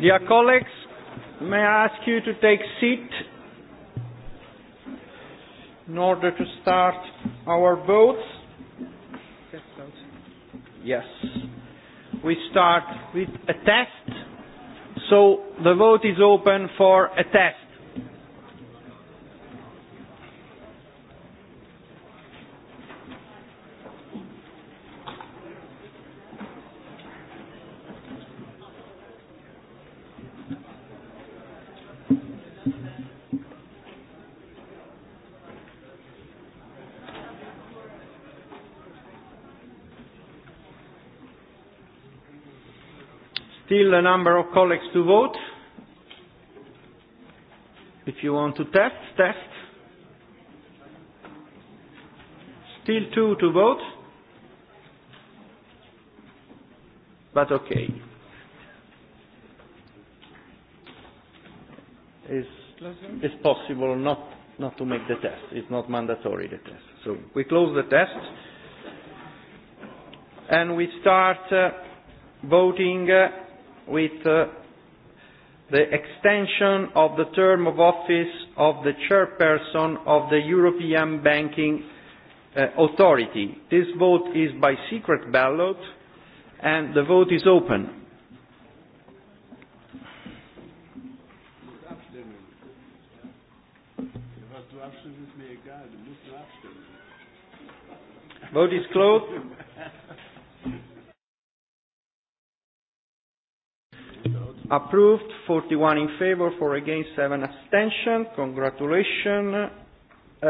Dear colleagues, may I ask you to take seat in order to start our votes? Yes. We start with a test. So the vote is open for a test. still a number of colleagues to vote. If you want to test, test. Still two to vote. But okay. It's, it's possible not, not to make the test. It's not mandatory, the test. So we close the test. And we start uh, voting. Uh, with uh, the extension of the term of office of the chairperson of the European Banking uh, Authority. This vote is by secret ballot and the vote is open. Vote is closed. Approved, 41 in favor, 4 against, 7 abstention. Congratulations uh,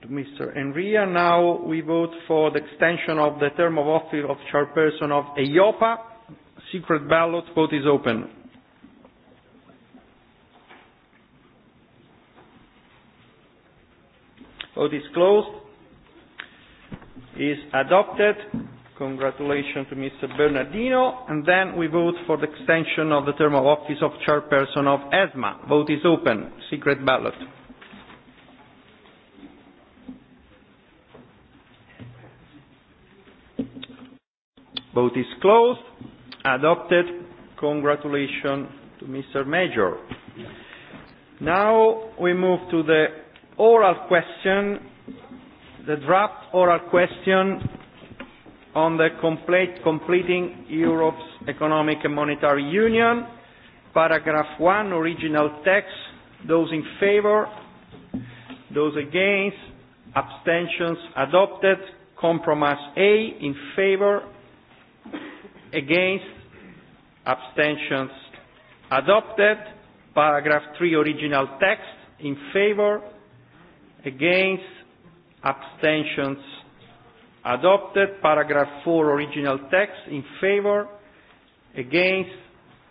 to Mr. Enria. Now we vote for the extension of the term of office of chairperson of EIOPA. Secret ballot vote is open. Vote is closed. Is adopted. Congratulations to Mr. Bernardino. And then we vote for the extension of the term of office of chairperson of ESMA. Vote is open. Secret ballot. Vote is closed. Adopted. Congratulations to Mr. Major. Now we move to the oral question, the draft oral question on the complete, completing Europe's economic and monetary union. Paragraph 1, original text. Those in favor, those against, abstentions adopted. Compromise A, in favor, against, abstentions adopted. Paragraph 3, original text, in favor, against, abstentions Adopted paragraph 4 original text in favor, against,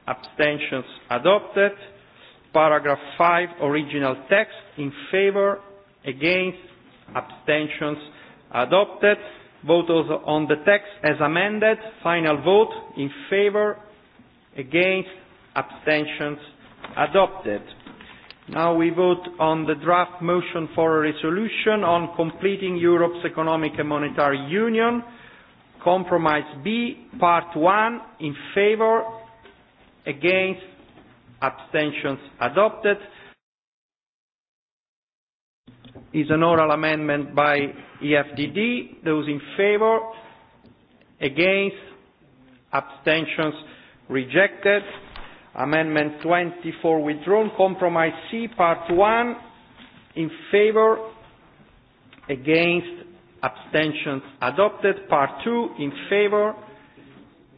abstentions adopted. Paragraph 5 original text in favor, against, abstentions adopted. Vote also on the text as amended. Final vote in favor, against, abstentions adopted. Now we vote on the draft motion for a resolution on completing Europe's economic and monetary union. Compromise B, part 1, in favor, against, abstentions adopted. Is an oral amendment by EFDD. Those in favor, against, abstentions rejected. Amendment 24 withdrawn. Compromise C, Part 1, in favor, against, abstentions adopted. Part 2, in favor,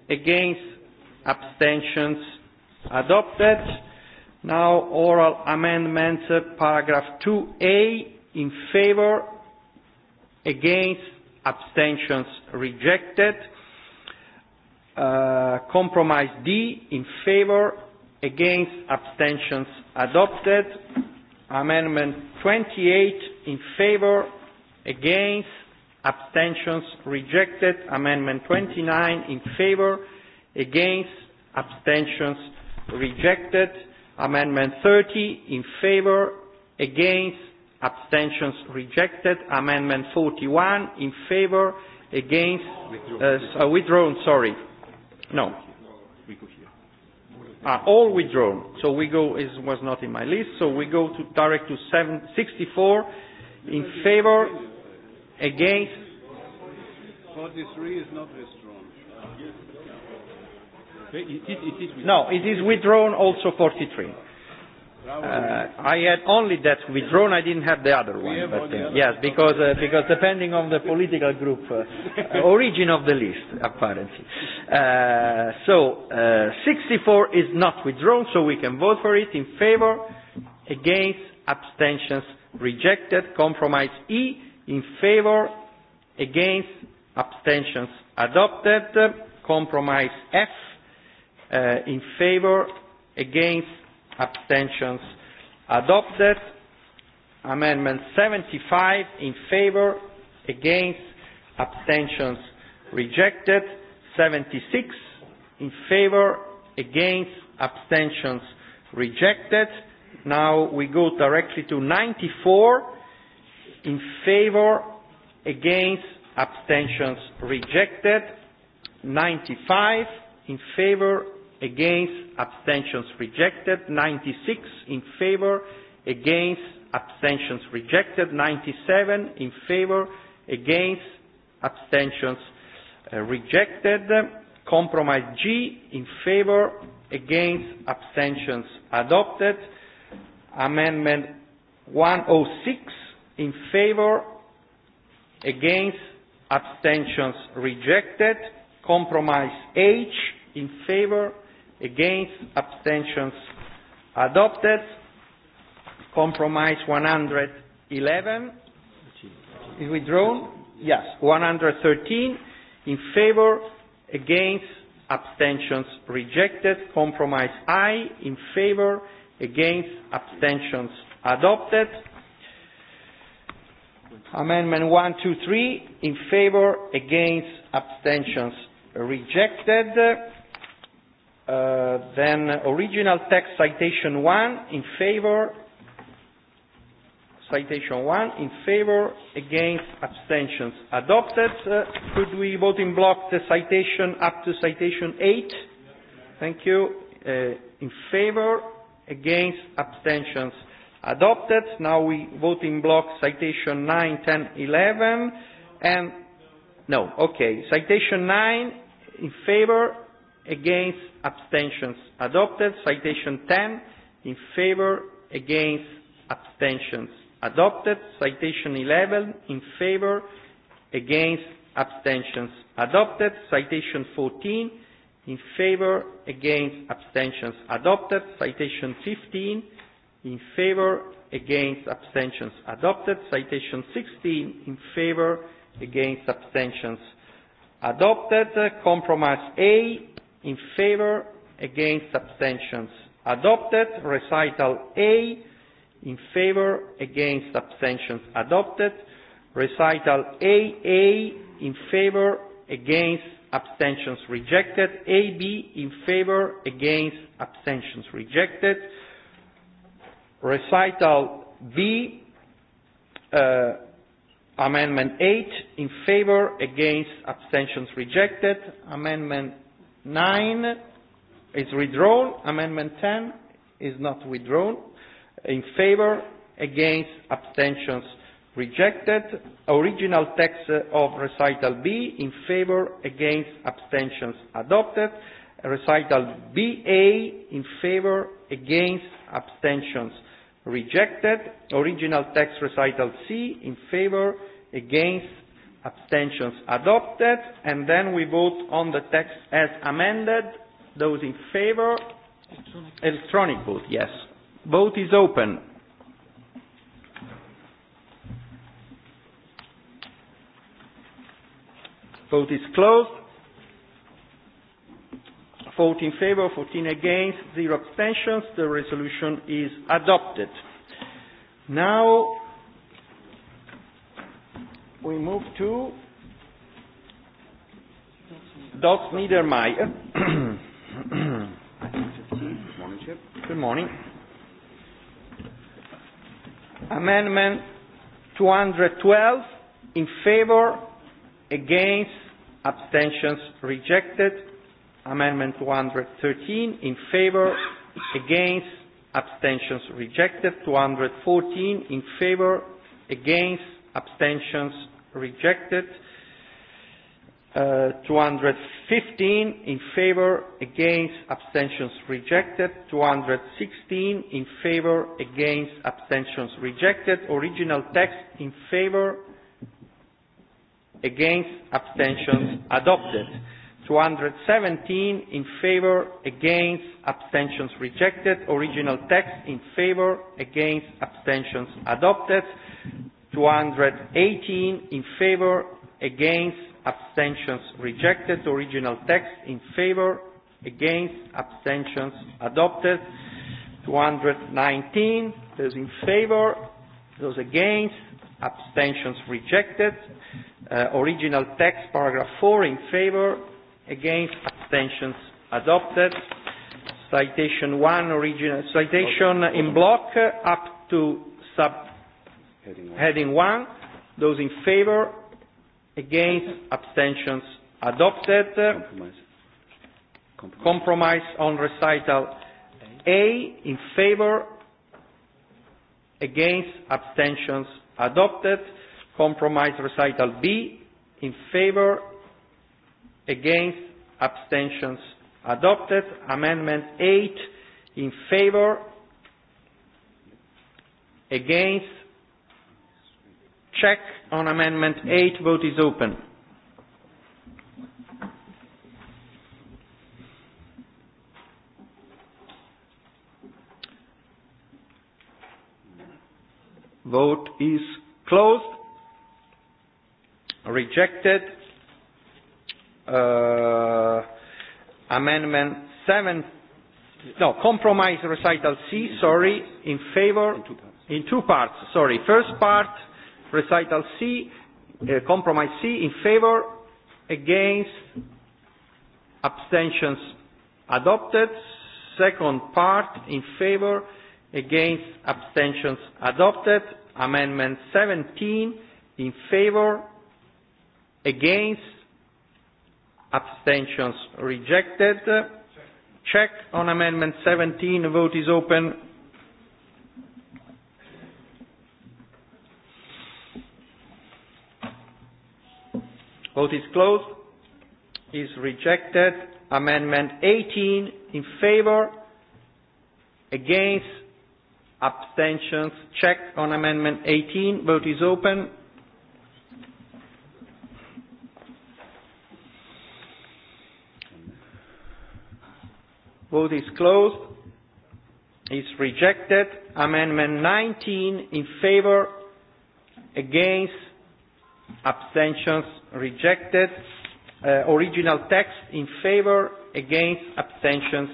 against, abstentions adopted. Now oral amendments, uh, paragraph 2A, in favor, against, abstentions rejected. Uh, compromise D, in favor, against abstentions adopted amendment 28 in favor against abstentions rejected amendment 29 in favor against abstentions rejected amendment 30 in favor against abstentions rejected amendment 41 in favor against uh, withdrawn sorry no Ah, all withdrawn. So we go, it was not in my list, so we go to direct to 64 in favor, against. 43 is not withdrawn. No, it is withdrawn also 43. I had only that withdrawn. I didn't have the other one. But, uh, yes, because uh, because depending on the political group, uh, origin of the list apparently. Uh, so uh, 64 is not withdrawn, so we can vote for it in favor, against, abstentions, rejected. Compromise E in favor, against, abstentions, adopted. Compromise F uh, in favor, against abstentions adopted. Amendment 75 in favor, against, abstentions rejected. 76 in favor, against, abstentions rejected. Now we go directly to 94 in favor, against, abstentions rejected. 95 in favor, against, abstentions rejected, 96 in favor, against, abstentions rejected, 97 in favor, against, abstentions rejected, compromise G in favor, against, abstentions adopted, amendment 106 in favor, against, abstentions rejected, compromise H in favor, against abstentions adopted compromise 111 is withdrawn yes 113 in favor against abstentions rejected compromise i in favor against abstentions adopted amendment 123 in favor against abstentions rejected Uh, then original text citation 1 in favor, citation 1 in favor, against abstentions adopted. Uh, could we vote in block the citation up to citation 8? Thank you. Uh, in favor, against abstentions adopted. Now we vote in block citation 9, 10, 11, and no, okay. Citation 9 in favor, against abstentions adopted. Citation 10 in favor against abstentions adopted. Citation 11 in favor against abstentions adopted. Citation 14 in favor against abstentions adopted. Citation 15 in favor against abstentions adopted. Citation 16 in favor against abstentions adopted. Compromise A in favor, against abstentions adopted. Recital A, in favor, against abstentions adopted. Recital AA, in favor, against abstentions rejected. AB, in favor, against abstentions rejected. Recital B, uh, Amendment 8, in favor, against abstentions rejected. Amendment 9 is withdrawn. Amendment 10 is not withdrawn. In favor, against, abstentions rejected. Original text of recital B in favor, against, abstentions adopted. Recital BA in favor, against, abstentions rejected. Original text recital C in favor, against, abstentions adopted. And then we vote on the text as amended. Those in favor? Electronic, Electronic vote, yes. Vote is open. Vote is closed. Vote in favor, 14 against, 0 abstentions. The resolution is adopted. Now we move to Doc Niedermeyer. Good morning. Amendment 212 in favor, against, abstentions rejected. Amendment 213 in favor, against, abstentions rejected. 214 in favor, against, abstentions rejected. Uh, 215 in favor, against, abstentions rejected. 216 in favor, against, abstentions rejected. Original text in favor, against, abstentions adopted. 217 in favor, against, abstentions rejected. Original text in favor, against, abstentions adopted. 218 in favor, against, abstentions rejected. Original text in favor, against, abstentions adopted. 219, those in favor, those against, abstentions rejected. Uh, original text, paragraph 4, in favor, against, abstentions adopted. Citation 1, original, citation in block up to sub Heading one. Heading one. Those in favor, against, abstentions adopted. Compromise. Compromise. Compromise on recital A in favor, against, abstentions adopted. Compromise recital B in favor, against, abstentions adopted. Amendment 8 in favor, against, Check on Amendment 8. Vote is open. Vote is closed. Rejected. Uh, amendment 7. No, compromise recital C, sorry, in favor. In two parts. In two parts, sorry. First part, Recital C, uh, compromise C, in favor, against, abstentions adopted. Second part, in favor, against, abstentions adopted. Amendment 17, in favor, against, abstentions rejected. Check on Amendment 17, vote is open. Vote is closed. Is rejected. Amendment 18 in favor. Against. Abstentions. Check on Amendment 18. Vote is open. Vote is closed. Is rejected. Amendment 19 in favor. Against. Abstentions rejected uh, original text in favor against abstentions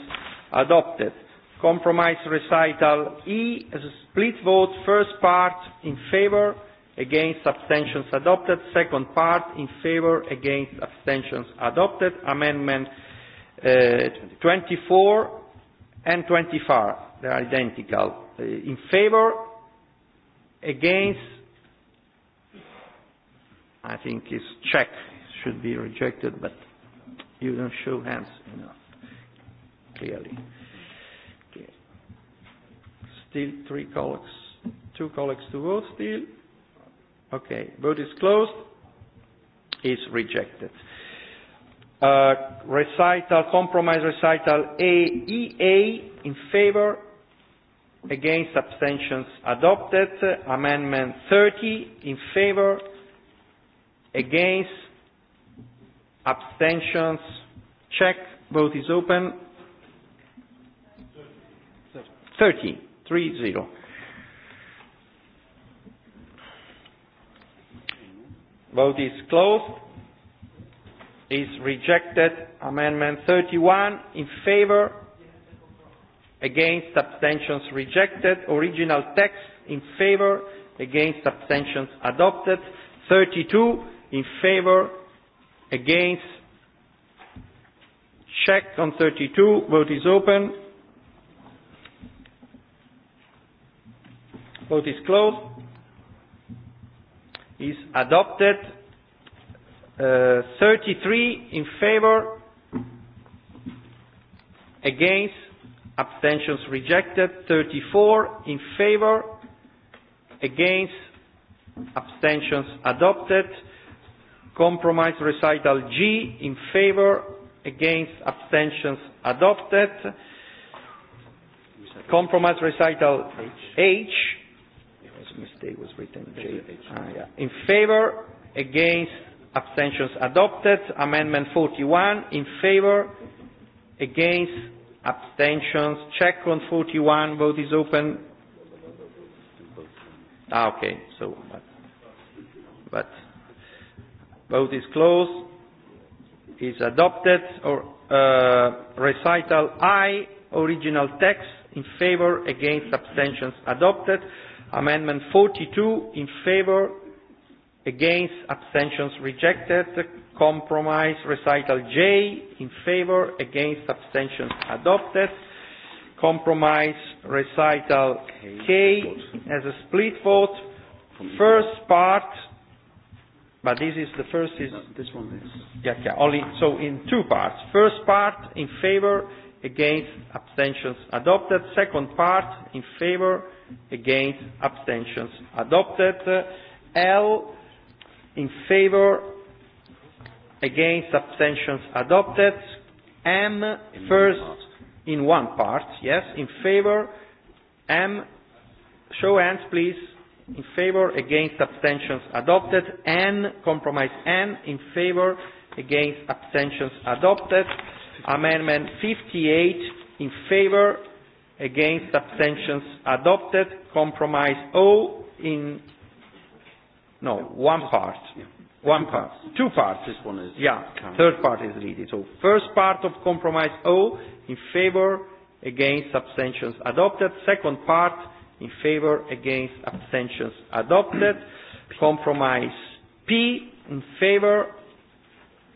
adopted compromise recital E as a split vote first part in favor against abstentions adopted second part in favor against abstentions adopted amendment uh, 24 and 25 they are identical uh, in favor against I think is check should be rejected, but you don't show hands enough clearly. Okay. Still three colleagues, two colleagues to vote still. Okay, vote is closed. Is rejected. Uh, recital, compromise recital A, EA in favor, against abstentions adopted. Amendment 30 in favor, Against? Abstentions? Check. Vote is open. 30. 3 0. Vote is closed. Is rejected. Amendment 31 in favor. Against abstentions rejected. Original text in favor. Against abstentions adopted. 32 in favor, against, check on 32, vote is open, vote is closed, is adopted, uh, 33 in favor, against, abstentions rejected, 34 in favor, against, abstentions adopted, Compromise recital G in favor, against abstentions adopted. Compromise recital H. Mistake was written J. Ah, yeah. In favor, against abstentions adopted. Amendment 41 in favor, against abstentions. Check on 41. Vote is open. Ah, okay. So, but, but Vote is closed. Is adopted. Or uh, recital I, original text, in favor, against, abstentions adopted. Amendment 42, in favor, against, abstentions rejected. Compromise recital J, in favor, against, abstentions adopted. Compromise recital K, as a split vote. First part, But this is the first is this one is yeah yeah only so in two parts. First part in favor against abstentions adopted. Second part in favor against abstentions adopted. L in favor against abstentions adopted. M first in one part yes in favor. M show hands please in favor, against abstentions adopted, and compromise N in favor, against abstentions adopted, amendment 58 in favor, against abstentions adopted, compromise O in, no, one part. One part. Two parts. This one is. Yeah, third part is needed. So first part of compromise O in favor, against abstentions adopted, second part in favor, against, abstentions adopted. Compromise P in favor,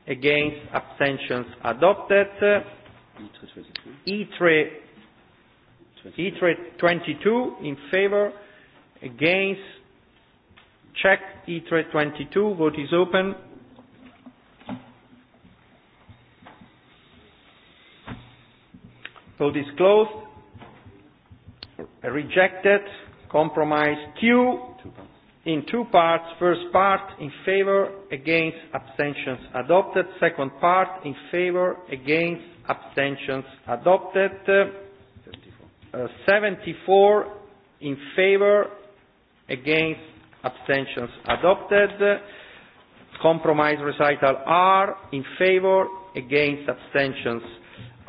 against, abstentions adopted. E E3. e3 22 in favor, against, check ITRE 22, vote is open. Vote is closed rejected. Compromise Q in two parts. First part in favor, against, abstentions adopted. Second part in favor, against, abstentions adopted. Uh, 74 in favor, against, abstentions adopted. Compromise recital R in favor, against, abstentions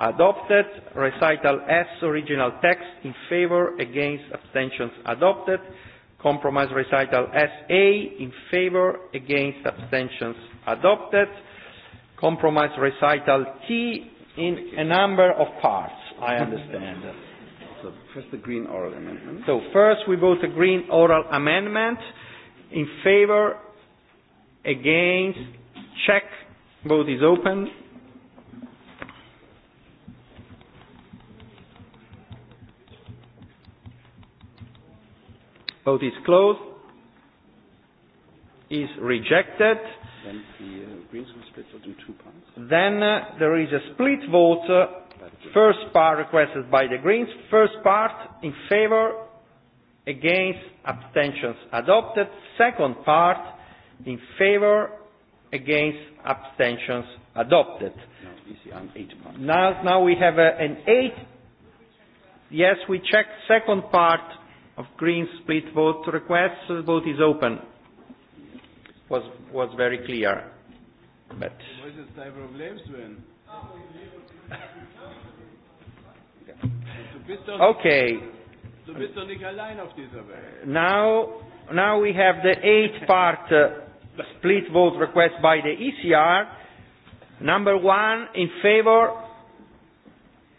adopted. Recital S, original text, in favor, against, abstentions, adopted. Compromise recital SA, in favor, against, abstentions, adopted. Compromise recital T, in a number of parts, I understand. So first the green oral amendment. So first we vote the green oral amendment, in favor, against, check, vote is open. Vote is closed. Is rejected. Then the uh, Greens will split in two parts. Then uh, there is a split vote. Uh, first part requested by the Greens. First part in favor, against, abstentions adopted. Second part in favor, against, abstentions adopted. Now, Now, now we have a, an eight. Yes, we check second part of Green split vote requests. The vote is open. Was was very clear. But Okay. Now, now we have the eight part uh, split vote request by the ECR. Number one in favor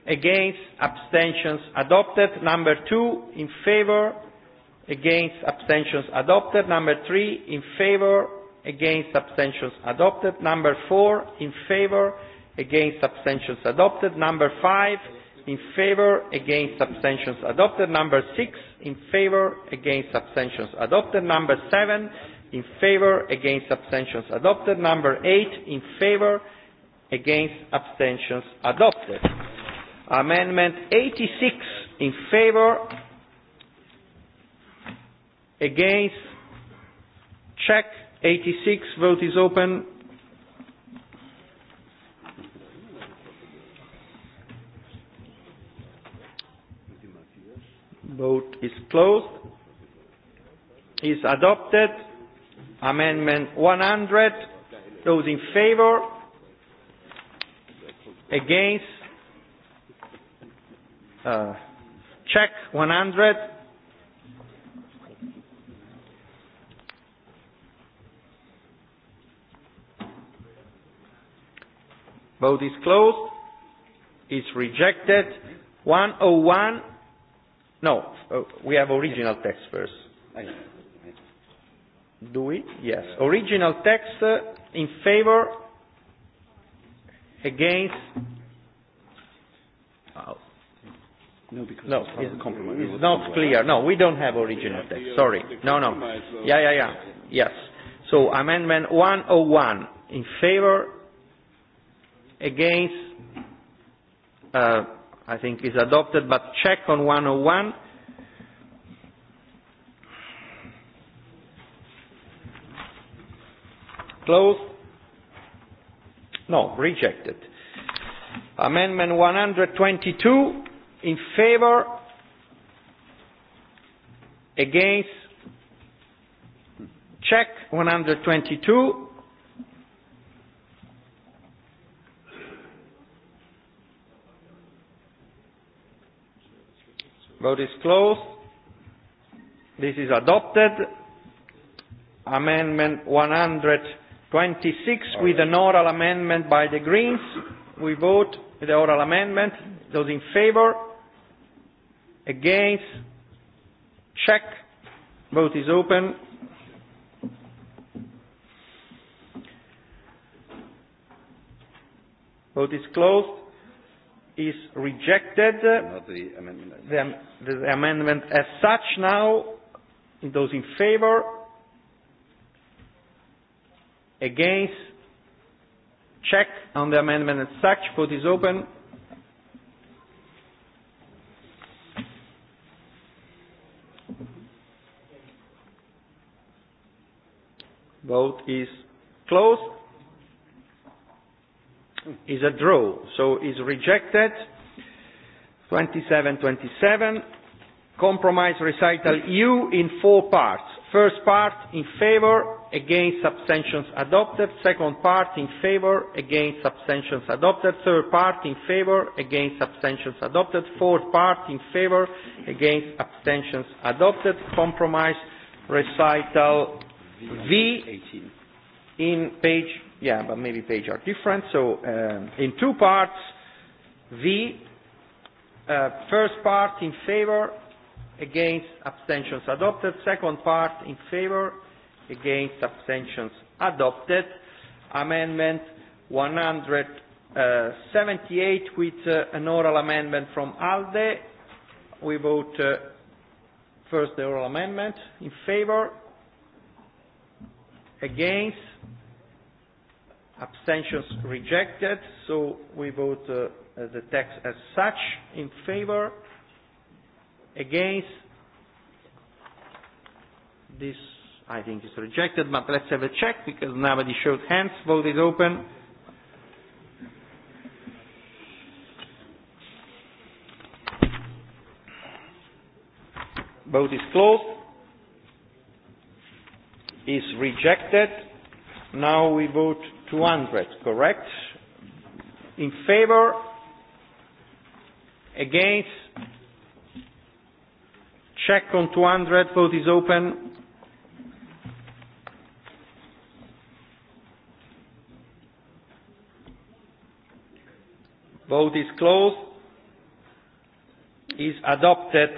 against abstentions adopted number two in favor against abstentions adopted number three in favor against abstentions adopted number four in favor against abstentions adopted number five in favor against abstentions adopted number six in favor against abstentions adopted number seven in favor against abstentions adopted number eight in favor against abstentions adopted Amendment 86 in favor, against, check 86, vote is open. Vote is closed. Is adopted. Amendment 100. Those in favor? Against? Uh, check 100. Vote is closed. It's rejected. 101. No, uh, we have original text first. Do we? Yes. Original text uh, in favor, against, No, because no, it's, it's, compromise it's not clear. No, we don't have original text. Sorry. No, no. Yeah, yeah, yeah. Yes. So amendment 101 in favor, against. Uh, I think is adopted, but check on 101. Closed. No, rejected. Amendment 122 in favor against check 122 vote is closed this is adopted amendment 126 with an oral amendment by the greens we vote the oral amendment those in favor Against? Check. Vote is open. Vote is closed. Is rejected. Not the amendment. The, the amendment as such now. Those in favor? Against? Check on the amendment as such. Vote is open. Vote is closed. Is a draw, so is rejected. 27, 27. Compromise recital U in four parts. First part in favor, against abstentions adopted. Second part in favor, against abstentions adopted. Third part in favor, against abstentions adopted. Fourth part in favor, against abstentions adopted. Compromise recital V in page, yeah, but maybe page are different. So um, in two parts, V, uh, first part in favor, against abstentions adopted. Second part in favor, against abstentions adopted. Amendment 178 with uh, an oral amendment from ALDE. We vote uh, first the oral amendment in favor, Against? Abstentions rejected. So we vote uh, the text as such. In favor? Against? This, I think, is rejected, but let's have a check because nobody showed hands. Vote is open. Vote is closed is rejected. Now we vote 200, correct? In favor, against, check on 200, vote is open. Vote is closed. Is adopted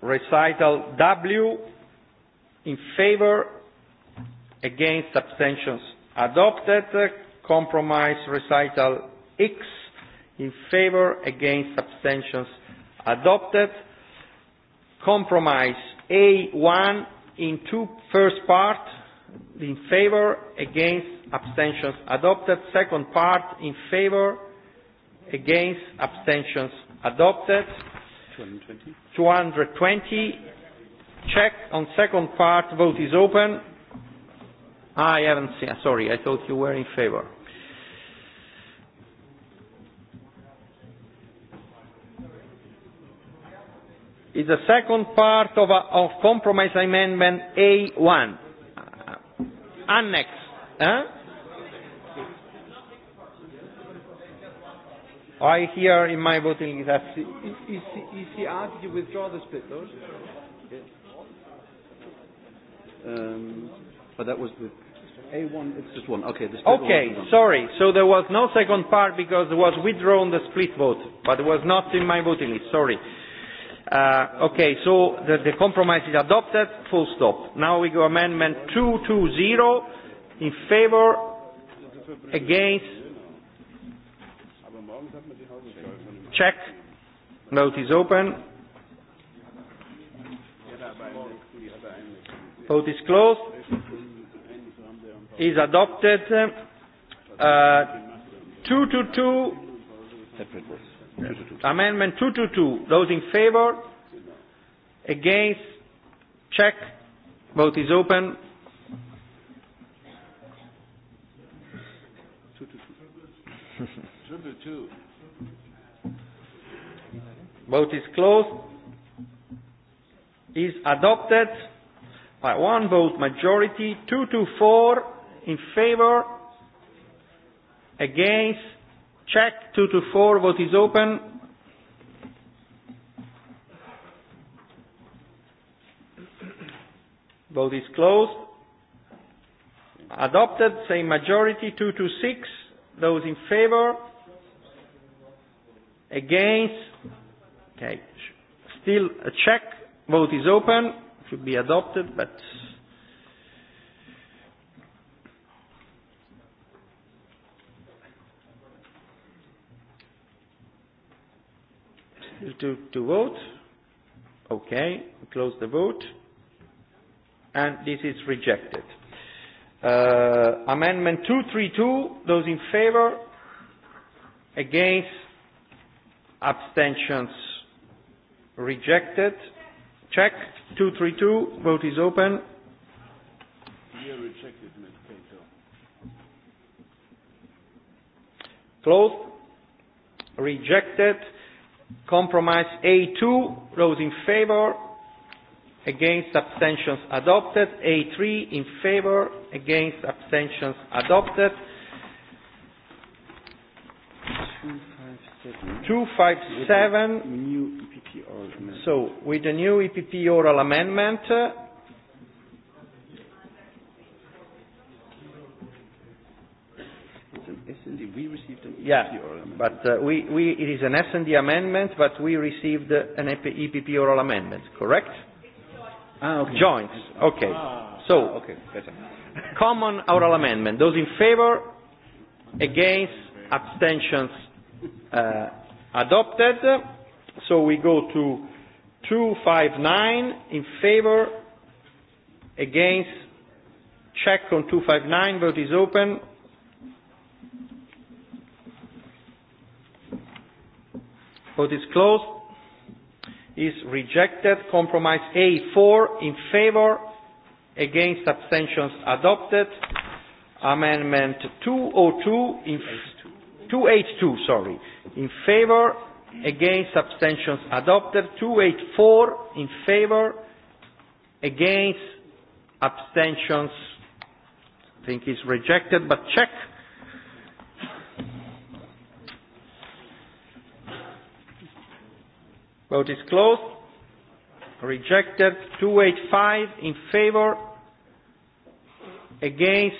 recital W in favor against abstentions adopted. Compromise recital X in favor against abstentions adopted. Compromise A1 in two first part in favor against abstentions adopted. Second part in favor against abstentions adopted. 220. 220. Check on second part. Vote is open. I haven't seen. Sorry, I thought you were in favor. It's the second part of, a, of compromise amendment A1. Annex. Huh? I hear in my voting list. he did you withdraw this bit, Yes. Um, but that was the A1, it's just one. Okay, the split okay one. sorry. So there was no second part because it was withdrawn the split vote, but it was not in my voting list. Sorry. Uh, okay, so the, the compromise is adopted, full stop. Now we go amendment 220 in favor, against, check, vote is open, vote is closed, is adopted. Uh, 222, amendment two to two. those in favor, against, check, vote is open. Vote is closed. Is adopted by one vote majority, two to four in favor, against, check to four. vote is open. Vote is closed. Adopted, same majority, to six. those in favor, against, okay, still a check, vote is open, should be adopted, but to, to vote? Okay, close the vote. And this is rejected. Uh, amendment 232, those in favor? Against? Abstentions? Rejected. Check. 232, vote is open. Closed. Rejected. Compromise A2, those in favour, against abstentions adopted. A3 in favour, against abstentions adopted. 257. So with the new EPP oral amendment, uh, Indeed, We received an EPP yeah, oral amendment. But uh, we, we, it is an S&D amendment, but we received an EPP oral amendment, correct? Ah, okay. Joints. Okay. Ah, so, okay. common oral amendment. Those in favor, against, abstentions uh, adopted. So we go to 259 in favor, against, check on 259, vote is open. Vote is closed. Is rejected. Compromise A4 in favor. Against abstentions adopted. Amendment 202 in 282, sorry, in favor. Against abstentions adopted. 284 in favor. Against abstentions. I think is rejected, but check. Vote is closed. Rejected. 285 in favor. Against.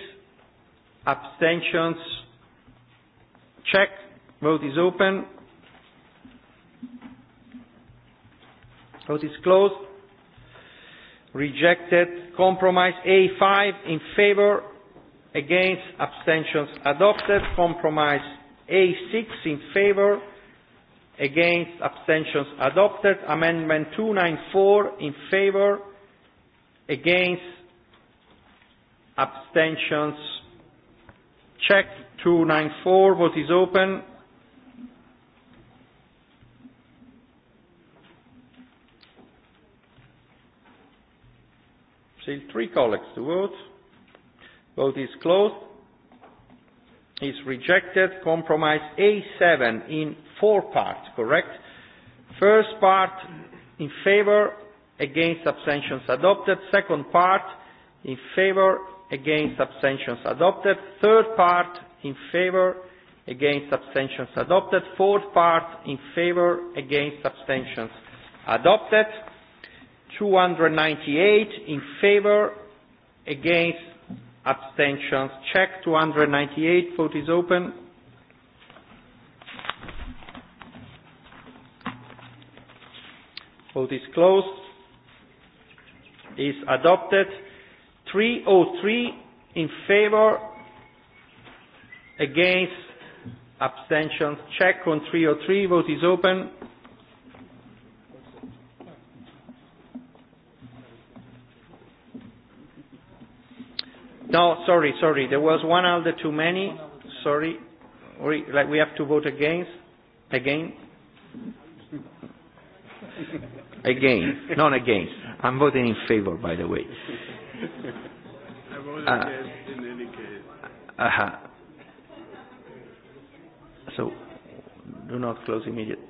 Abstentions. Check. Vote is open. Vote is closed. Rejected. Compromise A5 in favor. Against. Abstentions adopted. Compromise A6 in favor against abstentions adopted amendment 294 in favor against abstentions check 294 vote is open still three colleagues to vote vote is closed is rejected. Compromise A7 in four parts, correct? First part in favor, against abstentions adopted. Second part in favor, against abstentions adopted. Third part in favor, against abstentions adopted. Fourth part in favor, against abstentions adopted. 298 in favor, against abstentions. Check 298. Vote is open. Vote is closed. Is adopted. 303 in favor, against, abstentions. Check on 303. Vote is open. No, sorry, sorry. There was one ALDE too many. Sorry. We, like we have to vote against. Again. Again. Not against. I'm voting in favor, by the way. I voted uh, against in any case. Uh-huh. So, do not close immediately.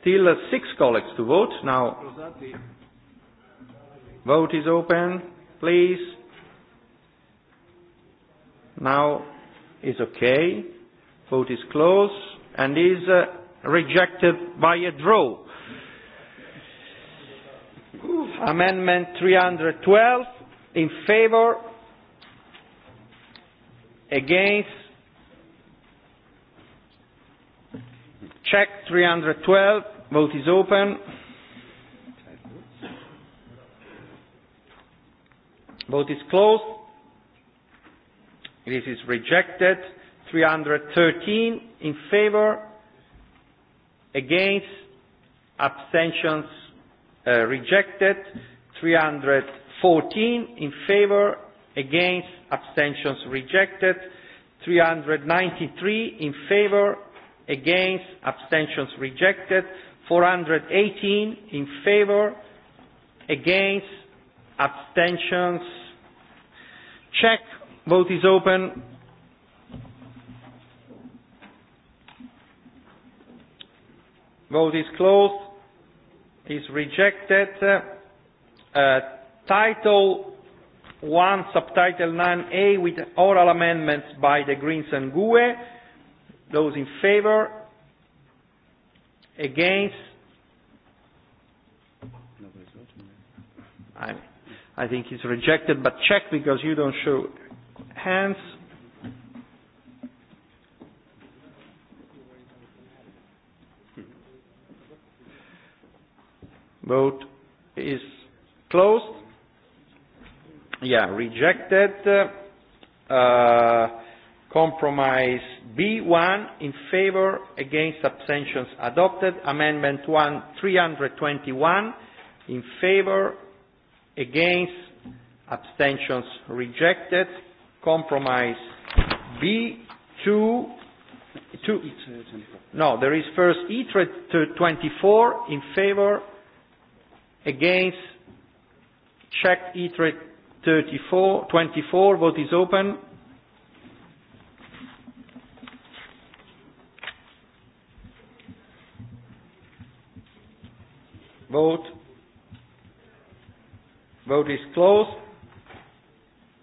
Still uh, six colleagues to vote. Now, vote is open. Please now is okay. Vote is closed and is uh, rejected by a draw. Amendment 312 in favor, against, check 312, vote is open. Vote is closed This is rejected. 313 in favor, against, abstentions uh, rejected. 314 in favor, against, abstentions rejected. 393 in favor, against, abstentions rejected. 418 in favor, against, abstentions. Check Vote is open. Vote is closed. Is rejected. Uh, title 1, subtitle 9A with oral amendments by the Greens and GUE. Those in favor? Against? I, I think it's rejected, but check because you don't show Hands? Vote is closed. Yeah, rejected. Uh, compromise B1 in favor, against abstentions adopted. Amendment 1, 321 in favor, against abstentions rejected compromise B2. to, no, there is first E24 in favor, against, check E34, 24, vote is open. Vote. Vote is closed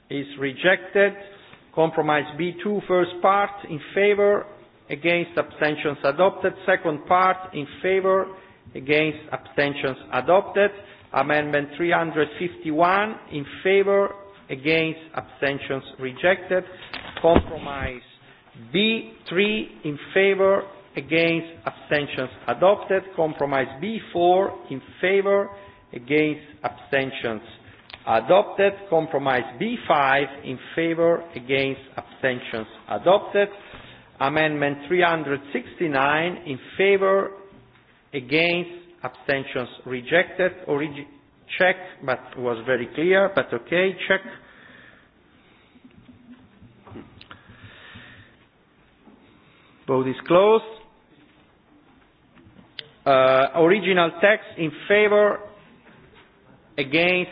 is rejected. Compromise B2, first part, in favor, against abstentions adopted. Second part, in favor, against abstentions adopted. Amendment 351, in favor, against abstentions rejected. Compromise B3, in favor, against abstentions adopted. Compromise B4, in favor, against abstentions adopted adopted. Compromise B5 in favor, against, abstentions adopted. Amendment 369 in favor, against, abstentions rejected. Origi- check, but was very clear, but okay, check. Vote is closed. Uh, original text in favor, against,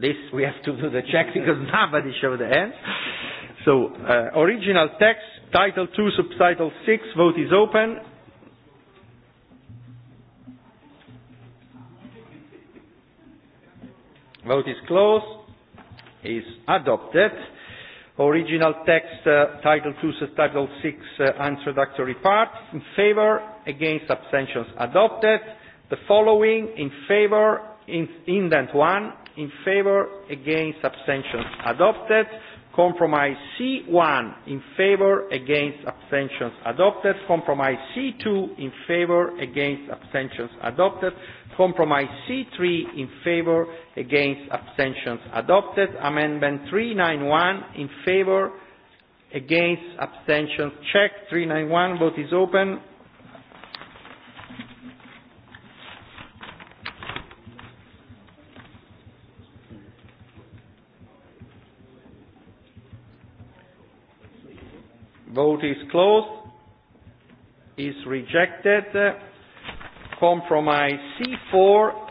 This we have to do the check because nobody showed the hands. So, uh, original text, title 2, subtitle 6, vote is open. Vote is closed. Is adopted. Original text, uh, title 2, subtitle 6, uh, introductory part. In favor, against abstentions adopted. The following, in favor, in, indent 1, in favor, against abstentions adopted. Compromise C1 in favor, against abstentions adopted. Compromise C2 in favor, against abstentions adopted. Compromise C3 in favor, against abstentions adopted. Amendment 391 in favor, against abstentions check. 391 vote is open. Vote is closed. Is rejected. Compromise C4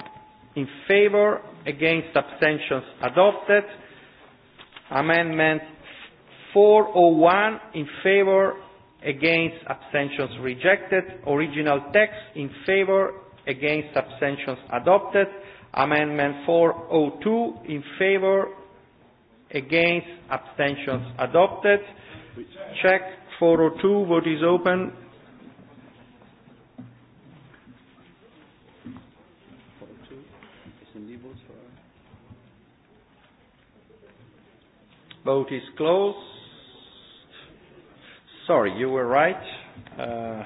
in favor, against abstentions adopted. Amendment 401 in favor, against abstentions rejected. Original text in favor, against abstentions adopted. Amendment 402 in favor, against abstentions adopted. Check 402. Vote is open. Vote is closed. Sorry, you were right. Uh,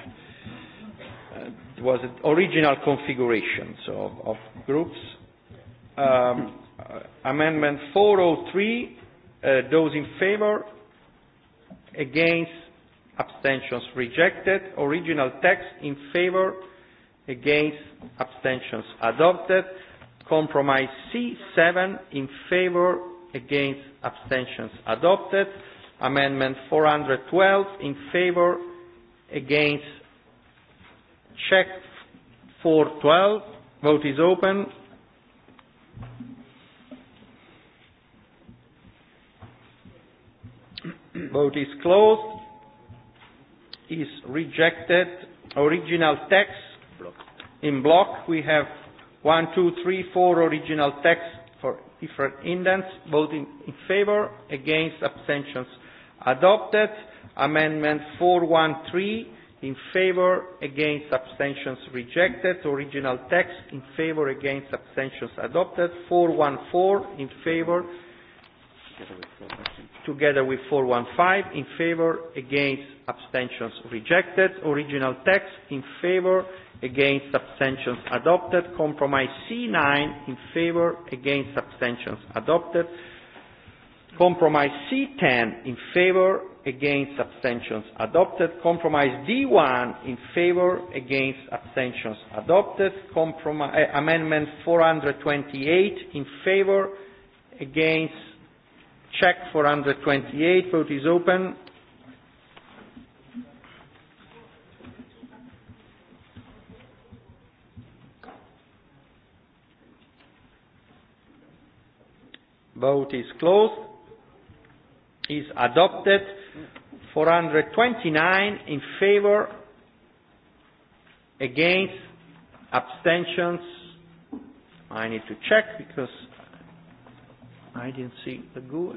it was an original configuration so of, of groups. Um, uh, amendment 403. Uh, those in favor against, abstentions rejected. Original text in favor, against, abstentions adopted. Compromise C7 in favor, against, abstentions adopted. Amendment 412 in favor, against, check 412. Vote is open. Vote is closed. Is rejected. Original text. In block, we have one, two, three, four original text for different indents. Voting in favor, against, abstentions adopted. Amendment 413 in favor, against, abstentions rejected. Original text in favor, against, abstentions adopted. 414 in favor together with 415 in favour, against abstentions rejected original text in favour, against abstentions adopted compromise C9 in favour against abstentions adopted compromise C10 in favour against abstentions adopted compromise D1 in favour against abstentions adopted compromise, uh, amendment 428 in favour, against Check 428. Vote is open. Vote is closed. Is adopted. 429 in favor, against, abstentions. I need to check because I didn't see the GUE.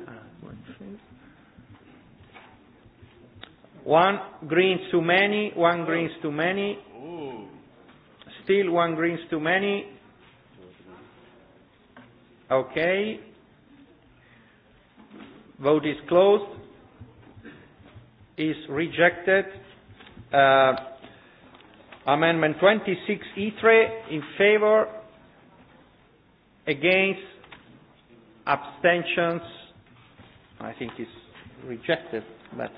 One greens too many, one greens too many. Still one greens too many. Okay. Vote is closed. Is rejected. Uh, amendment 26 E3 in favor. Against abstentions. I think it's rejected. Let's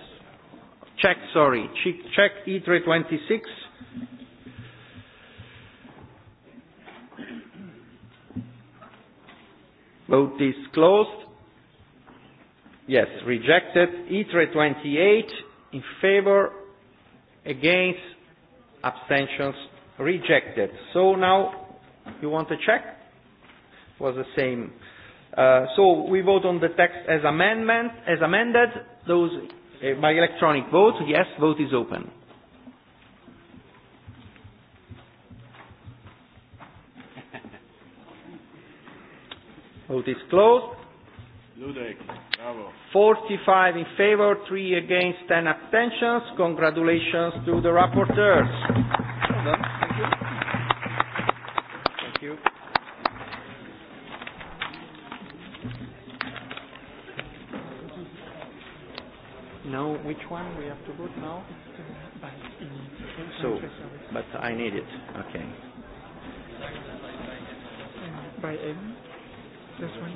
check, sorry. Check, check E3 26. Vote is closed. Yes, rejected. E3 28 in favor, against, abstentions, rejected. So now you want to check? Was the same so we vote on the text as amendment, as amended. Those uh, by electronic vote. Yes, vote is open. Vote is closed. Ludek, bravo. 45 in favor, 3 against, 10 abstentions. Congratulations to the rapporteurs. Well done. Thank you. Thank you. know which one we have to vote now? So, but I need it. Okay. By M? This one?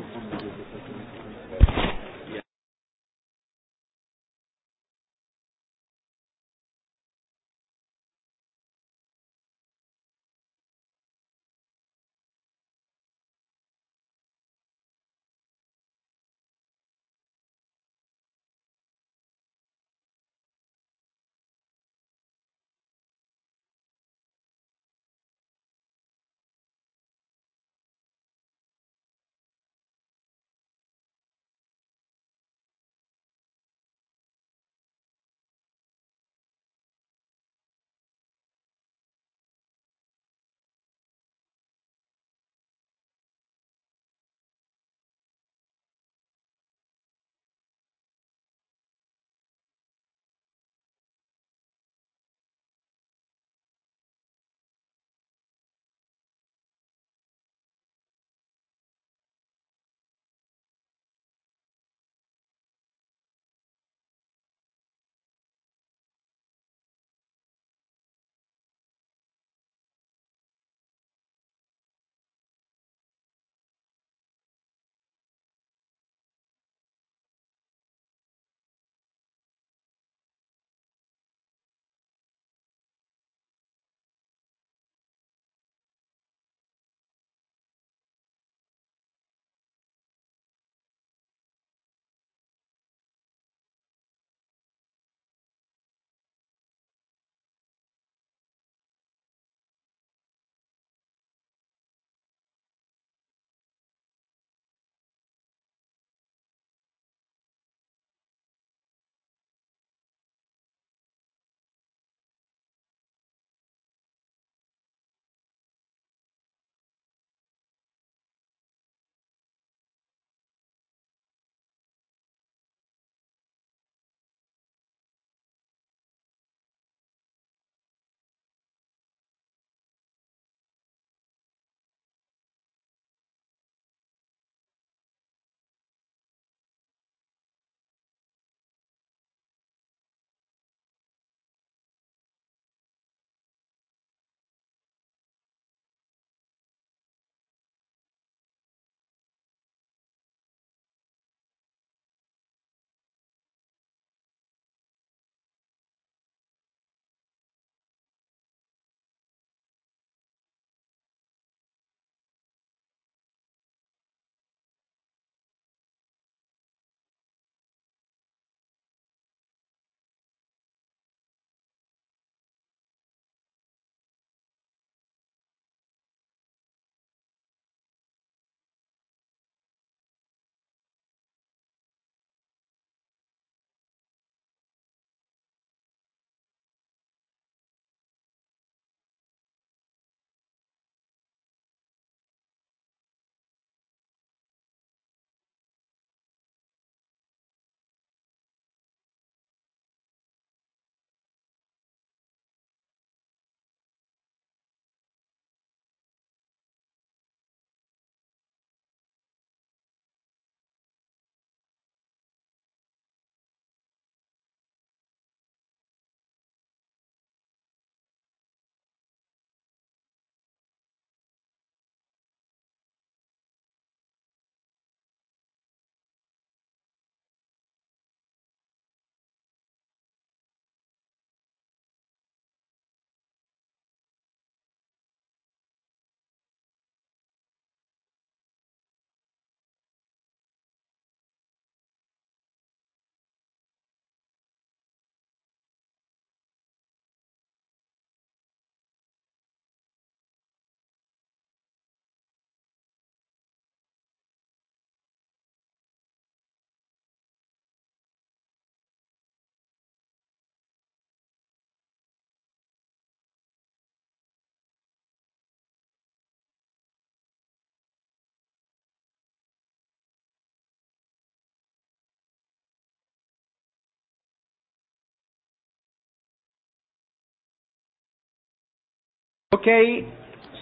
Okay,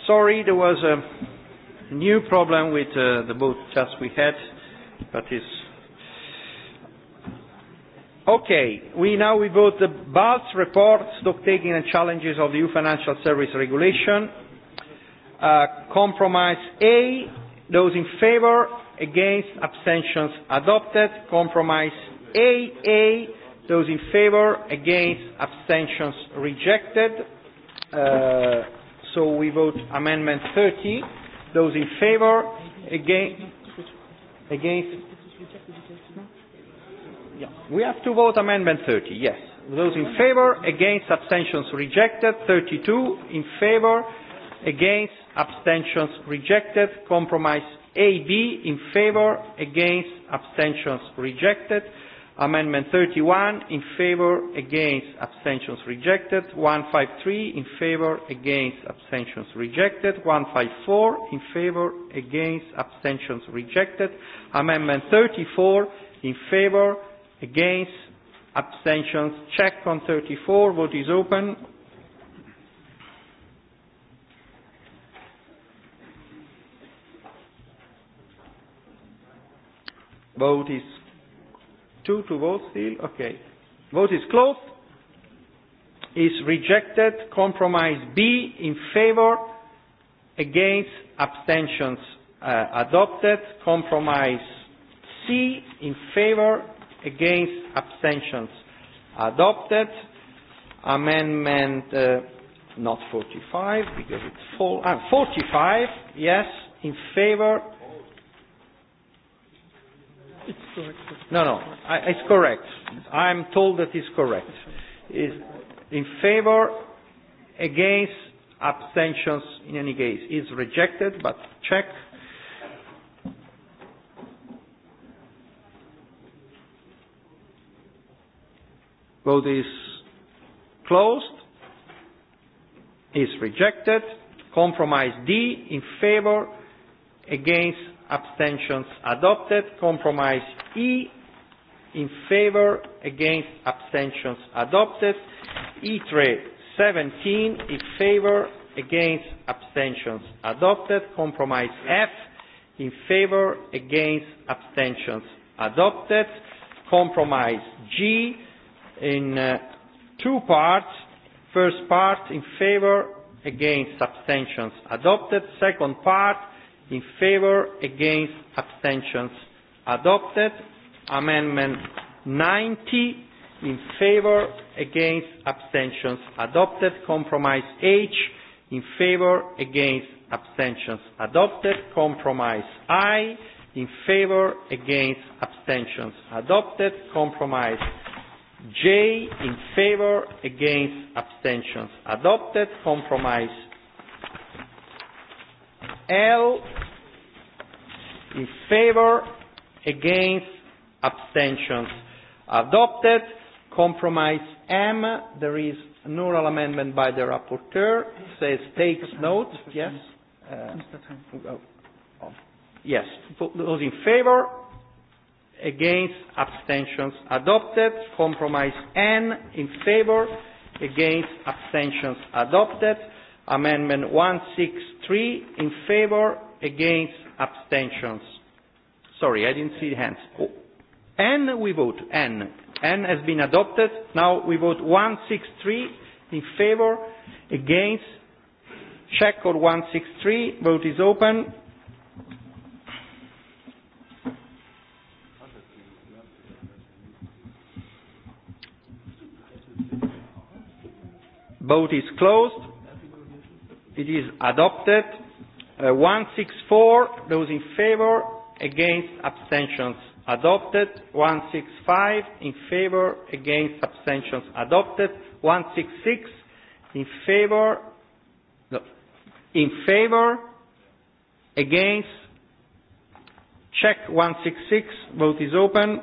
sorry, there was a new problem with uh, the boat just we had, but it's okay. We now we vote the BALS report, stock taking and challenges of the EU financial service regulation. Uh, compromise A, those in favour, against, abstentions adopted. Compromise AA, those in favour, against, abstentions rejected. Uh, so we vote amendment 30. Those in favor, against, against. Yeah. We have to vote amendment 30, yes. Those in favor, against, abstentions rejected. 32 in favor, against, abstentions rejected. Compromise AB in favor, against, abstentions rejected. Amendment 31 in favor, against, abstentions rejected. 153 in favor, against, abstentions rejected. 154 in favor, against, abstentions rejected. Amendment 34 in favor, against, abstentions. Check on 34. Vote is open. Vote is two to vote still? Okay. Vote is closed. Is rejected. Compromise B in favor. Against. Abstentions uh, adopted. Compromise C in favor. Against. Abstentions adopted. Amendment uh, not 45 because it's full. Uh, 45. Yes. In favor It's correct. No, no, I, it's correct. I'm told that it's correct. Is in favor, against, abstentions. In any case, It's rejected, but check. Vote is closed. Is rejected. Compromise D in favor, against abstentions adopted. Compromise E in favor, against abstentions adopted. E E3 17 in favor, against abstentions adopted. Compromise F in favor, against abstentions adopted. Compromise G in uh, two parts. First part in favor, against abstentions adopted. Second part in favor, against, abstentions adopted. Amendment 90 in favor, against, abstentions adopted. Compromise H in favor, against, abstentions adopted. Compromise I in favor, against, abstentions adopted. Compromise J in favor, against, abstentions adopted. Compromise L in favor, against, abstentions adopted. Compromise M, there is an oral amendment by the rapporteur, says takes note, yes? Uh, yes, those in favor, against, abstentions adopted. Compromise N, in favor, against, abstentions adopted. Amendment 163, in favor, against, abstentions. Sorry, I didn't see hands. N we vote. N. N has been adopted. Now we vote 163 in favor, against. Check code 163. Vote is open. Vote is closed. It is adopted. 164, those in favour? against abstentions adopted. 165, in favour? against abstentions adopted. 166, in favour? no, in favour. against, check 166, vote is open.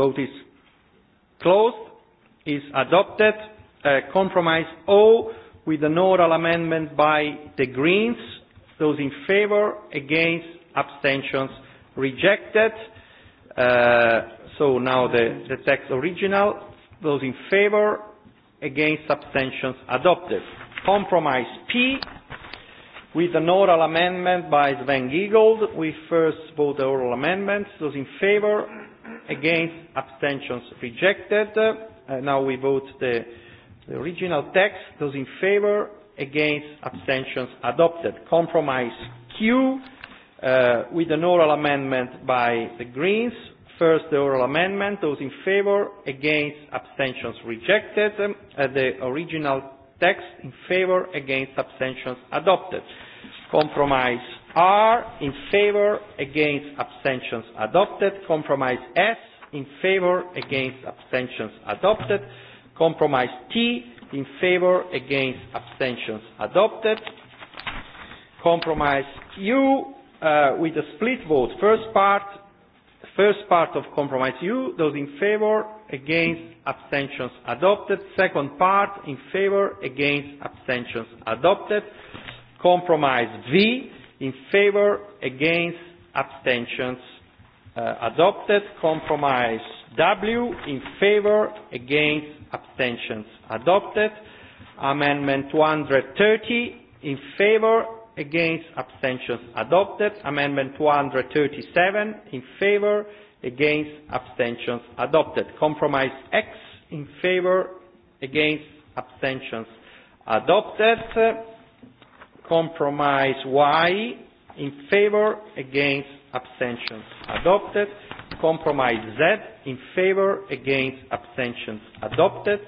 Vote is closed. Is adopted. Uh, compromise O with an oral amendment by the Greens. Those in favour, against, abstentions, rejected. Uh, so now the, the text original. Those in favour, against, abstentions, adopted. Compromise P with an oral amendment by Sven Giegold. We first vote the oral amendments. Those in favour, against, abstentions rejected. Uh, now we vote the, the original text. Those in favor, against, abstentions adopted. Compromise Q uh, with an oral amendment by the Greens. First, the oral amendment. Those in favor, against, abstentions rejected. Uh, the original text in favor, against, abstentions adopted. Compromise R in favor against abstentions adopted. Compromise S in favor against abstentions adopted. Compromise T in favor against abstentions adopted. Compromise U uh, with a split vote. First part, first part of compromise U, those in favor against abstentions adopted. Second part in favor against abstentions adopted. Compromise V In favor, against, abstentions, uh, adopted. Compromise W, in favor, against, abstentions, adopted. Amendment 230, in favor, against, abstentions, adopted. Amendment 237, in favor, against, abstentions, adopted. Compromise X, in favor, against, abstentions, adopted Compromise Y in favor, against, abstentions adopted. Compromise Z in favor, against, abstentions adopted.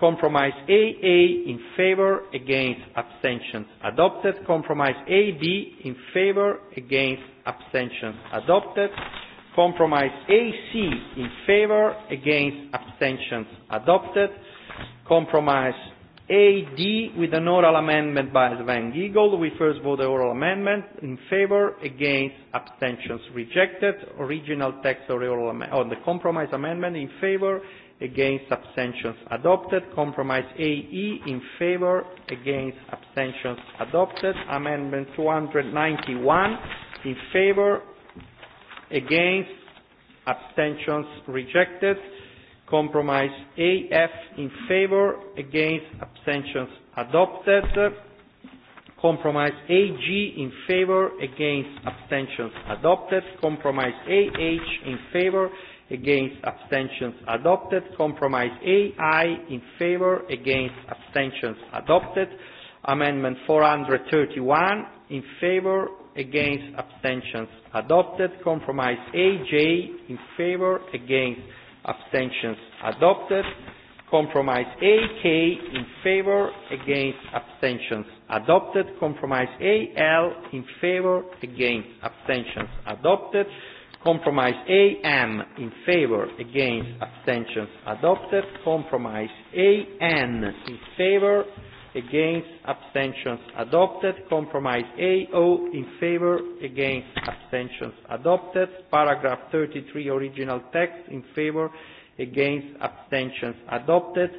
Compromise AA in favor, against, abstentions adopted. Compromise AB in favor, against, abstentions adopted. Compromise AC in favor, against, abstentions adopted. Compromise AD with an oral amendment by Sven Giegold. We first vote the oral amendment in favor, against, abstentions rejected. Original text of the, oral, on the compromise amendment in favor, against, abstentions adopted. Compromise AE in favor, against, abstentions adopted. Amendment 291 in favor, against, abstentions rejected. Compromise AF in favor, against abstentions adopted. Compromise AG in favor, against abstentions adopted. Compromise AH in favor, against abstentions adopted. Compromise AI in favor, against abstentions adopted. Amendment 431 in favor, against abstentions adopted. Compromise AJ in favor, against abstentions adopted. Compromise A, K in favor, against abstentions adopted. Compromise A, L in favor, against abstentions adopted. Compromise A, M in favor, against abstentions adopted. Compromise A, N in favor, against abstentions adopted compromise AO in favor against abstentions adopted paragraph 33 original text in favor against abstentions adopted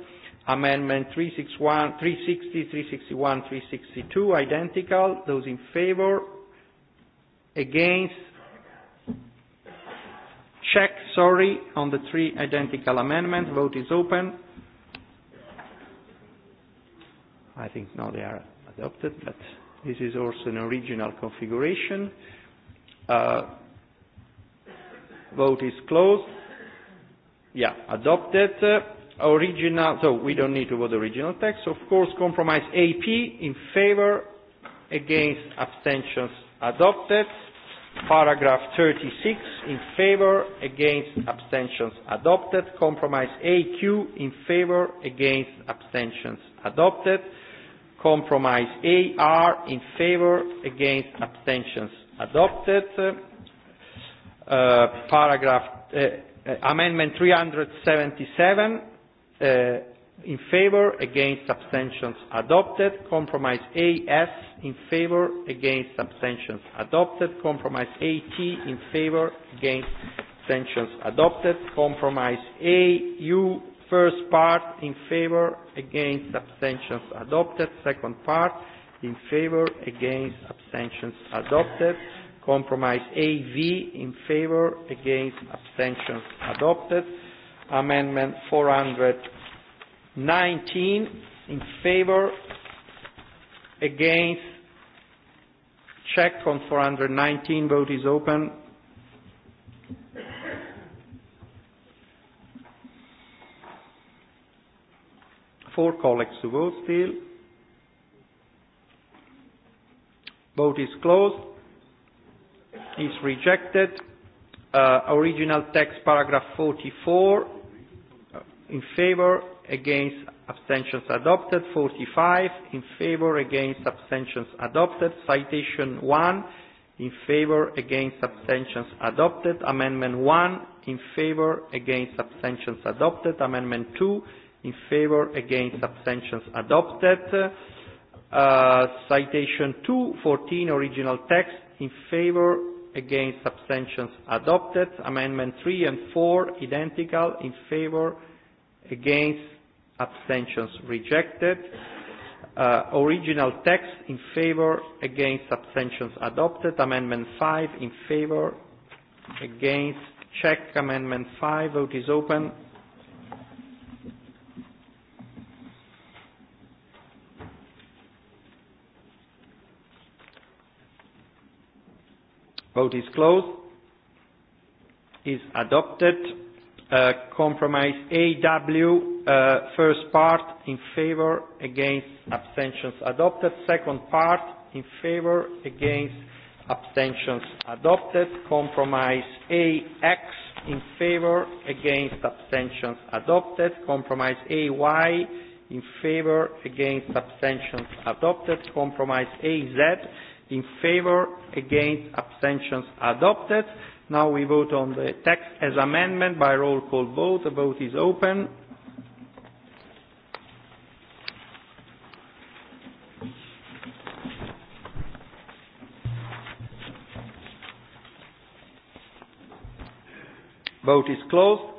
amendment 361 360 361 362 identical those in favor against check sorry on the three identical amendments vote is open I think now they are adopted, but this is also an original configuration. Uh, vote is closed. Yeah, adopted. Uh, original, so we don't need to vote the original text. Of course, compromise AP in favor, against abstentions adopted. Paragraph 36 in favor, against abstentions adopted. Compromise AQ in favor, against abstentions adopted. Compromise AR in favor, against abstentions adopted. Uh, paragraph uh, amendment 377 uh, in favor, against abstentions adopted. Compromise AS in favor, against abstentions adopted. Compromise AT in favor, against abstentions adopted. Compromise AU First part in favor, against abstentions adopted. Second part in favor, against abstentions adopted. Compromise AV in favor, against abstentions adopted. Amendment 419 in favor, against. Check on 419. Vote is open. Four colleagues to vote still. Vote is closed. Is rejected. Uh, original text, paragraph 44. In favor, against, abstentions adopted. 45. In favor, against, abstentions adopted. Citation 1. In favor, against, abstentions adopted. Amendment 1. In favor, against, abstentions adopted. Amendment 2 in favor, against abstentions adopted. Uh, citation 214, original text, in favor, against abstentions adopted. Amendment 3 and 4, identical, in favor, against abstentions rejected. Uh, original text, in favor, against abstentions adopted. Amendment 5, in favor, against check. Amendment 5, vote is open. Vote is closed. Is adopted. Uh, compromise AW, uh, first part, in favor, against, abstentions adopted. Second part, in favor, against, abstentions adopted. Compromise AX, in favor, against, abstentions adopted. Compromise AY, in favor, against, abstentions adopted. Compromise AZ, in favor, against, abstentions adopted. Now we vote on the text as amendment by roll call vote. The vote is open. Vote is closed.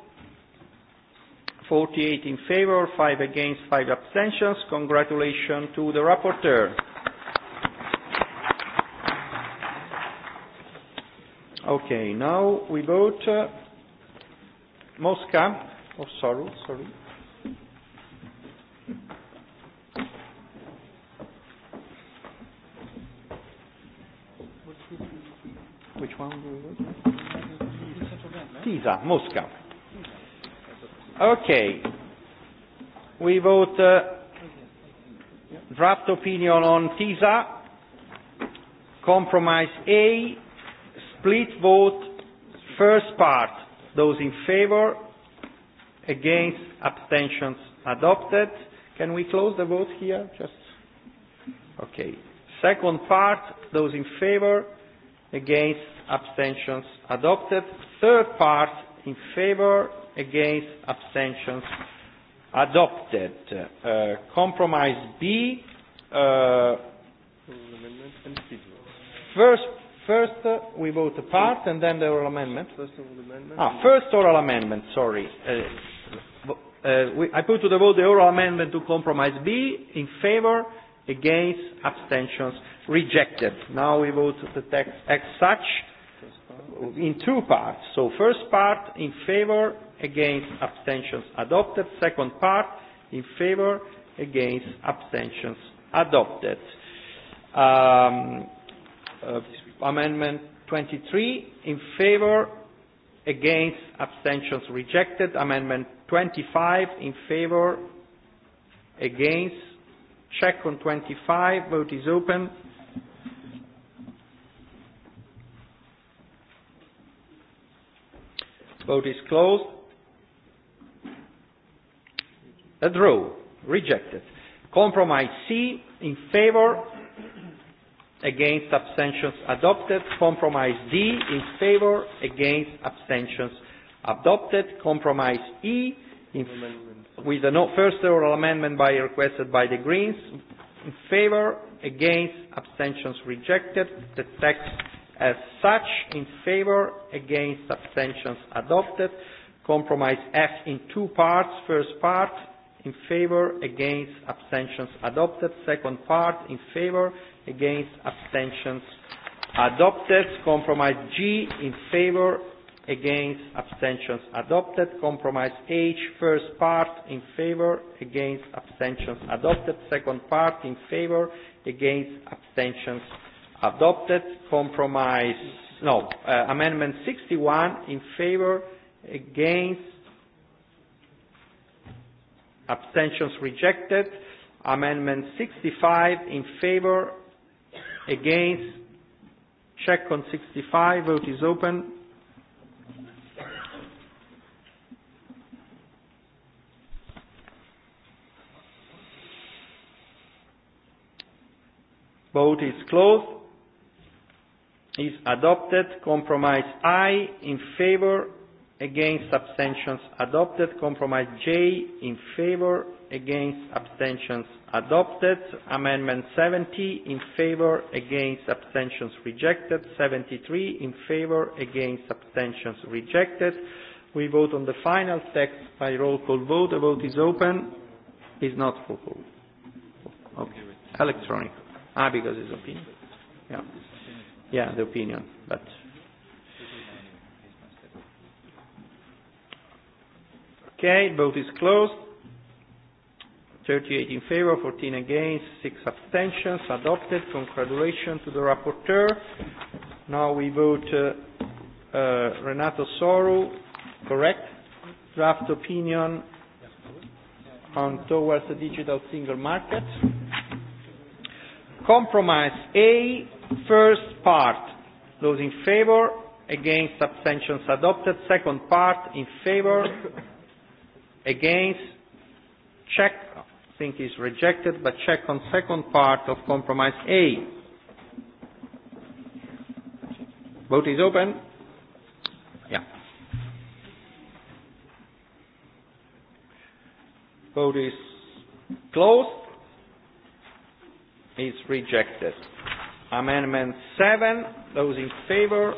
48 in favor, 5 against, 5 abstentions. Congratulations to the rapporteur. Okay, now we vote uh, Mosca. Oh, sorry, sorry. Which one do we vote? TISA, Mosca. Okay. We vote uh, draft opinion on TISA. Compromise A split vote, first part. Those in favor, against, abstentions adopted. Can we close the vote here? Just okay. Second part, those in favor, against, abstentions adopted. Third part, in favor, against, abstentions adopted. Uh, compromise B. Uh, First First, uh, we vote a part and then the oral amendment. First oral amendment. Ah, first oral amendment, sorry. Uh, uh, we, I put to the vote the oral amendment to compromise B in favor, against, abstentions, rejected. Now we vote the text as such in two parts. So first part, in favor, against, abstentions, adopted. Second part, in favor, against, abstentions, adopted. Um, uh, Amendment 23 in favor, against, abstentions rejected. Amendment 25 in favor, against. Check on 25. Vote is open. Vote is closed. A draw. Rejected. Compromise C in favor, against abstentions adopted. Compromise D in favor against abstentions adopted. Compromise E in with the no first oral amendment by requested by the Greens in favor against abstentions rejected. The text as such in favor against abstentions adopted. Compromise F in two parts. First part in favor against abstentions adopted. Second part in favor against abstentions adopted compromise G in favor against abstentions adopted compromise H first part in favor against abstentions adopted second part in favor against abstentions adopted compromise no uh, amendment 61 in favor against abstentions rejected amendment 65 in favor Against? Check on 65. Vote is open. Vote is closed. Is adopted. Compromise I in favor. Against abstentions adopted. Compromise J in favor. Against abstentions adopted. Amendment 70 in favor, against abstentions rejected. 73 in favor, against abstentions rejected. We vote on the final text by roll call vote. The vote is open. Is not for call. Okay. Electronic. Ah, because it's opinion. Yeah. Yeah, the opinion. But okay, vote is closed 38 in favor, 14 against, 6 abstentions. Adopted. Congratulations to the rapporteur. Now we vote uh, uh, Renato Soru, correct? Draft opinion on towards the digital single market. Compromise A, first part. Those in favor, against, abstentions adopted. Second part, in favor, against, check think is rejected, but check on second part of compromise A. Vote is open. Yeah. Vote is closed. It's rejected. Amendment 7, those in favor,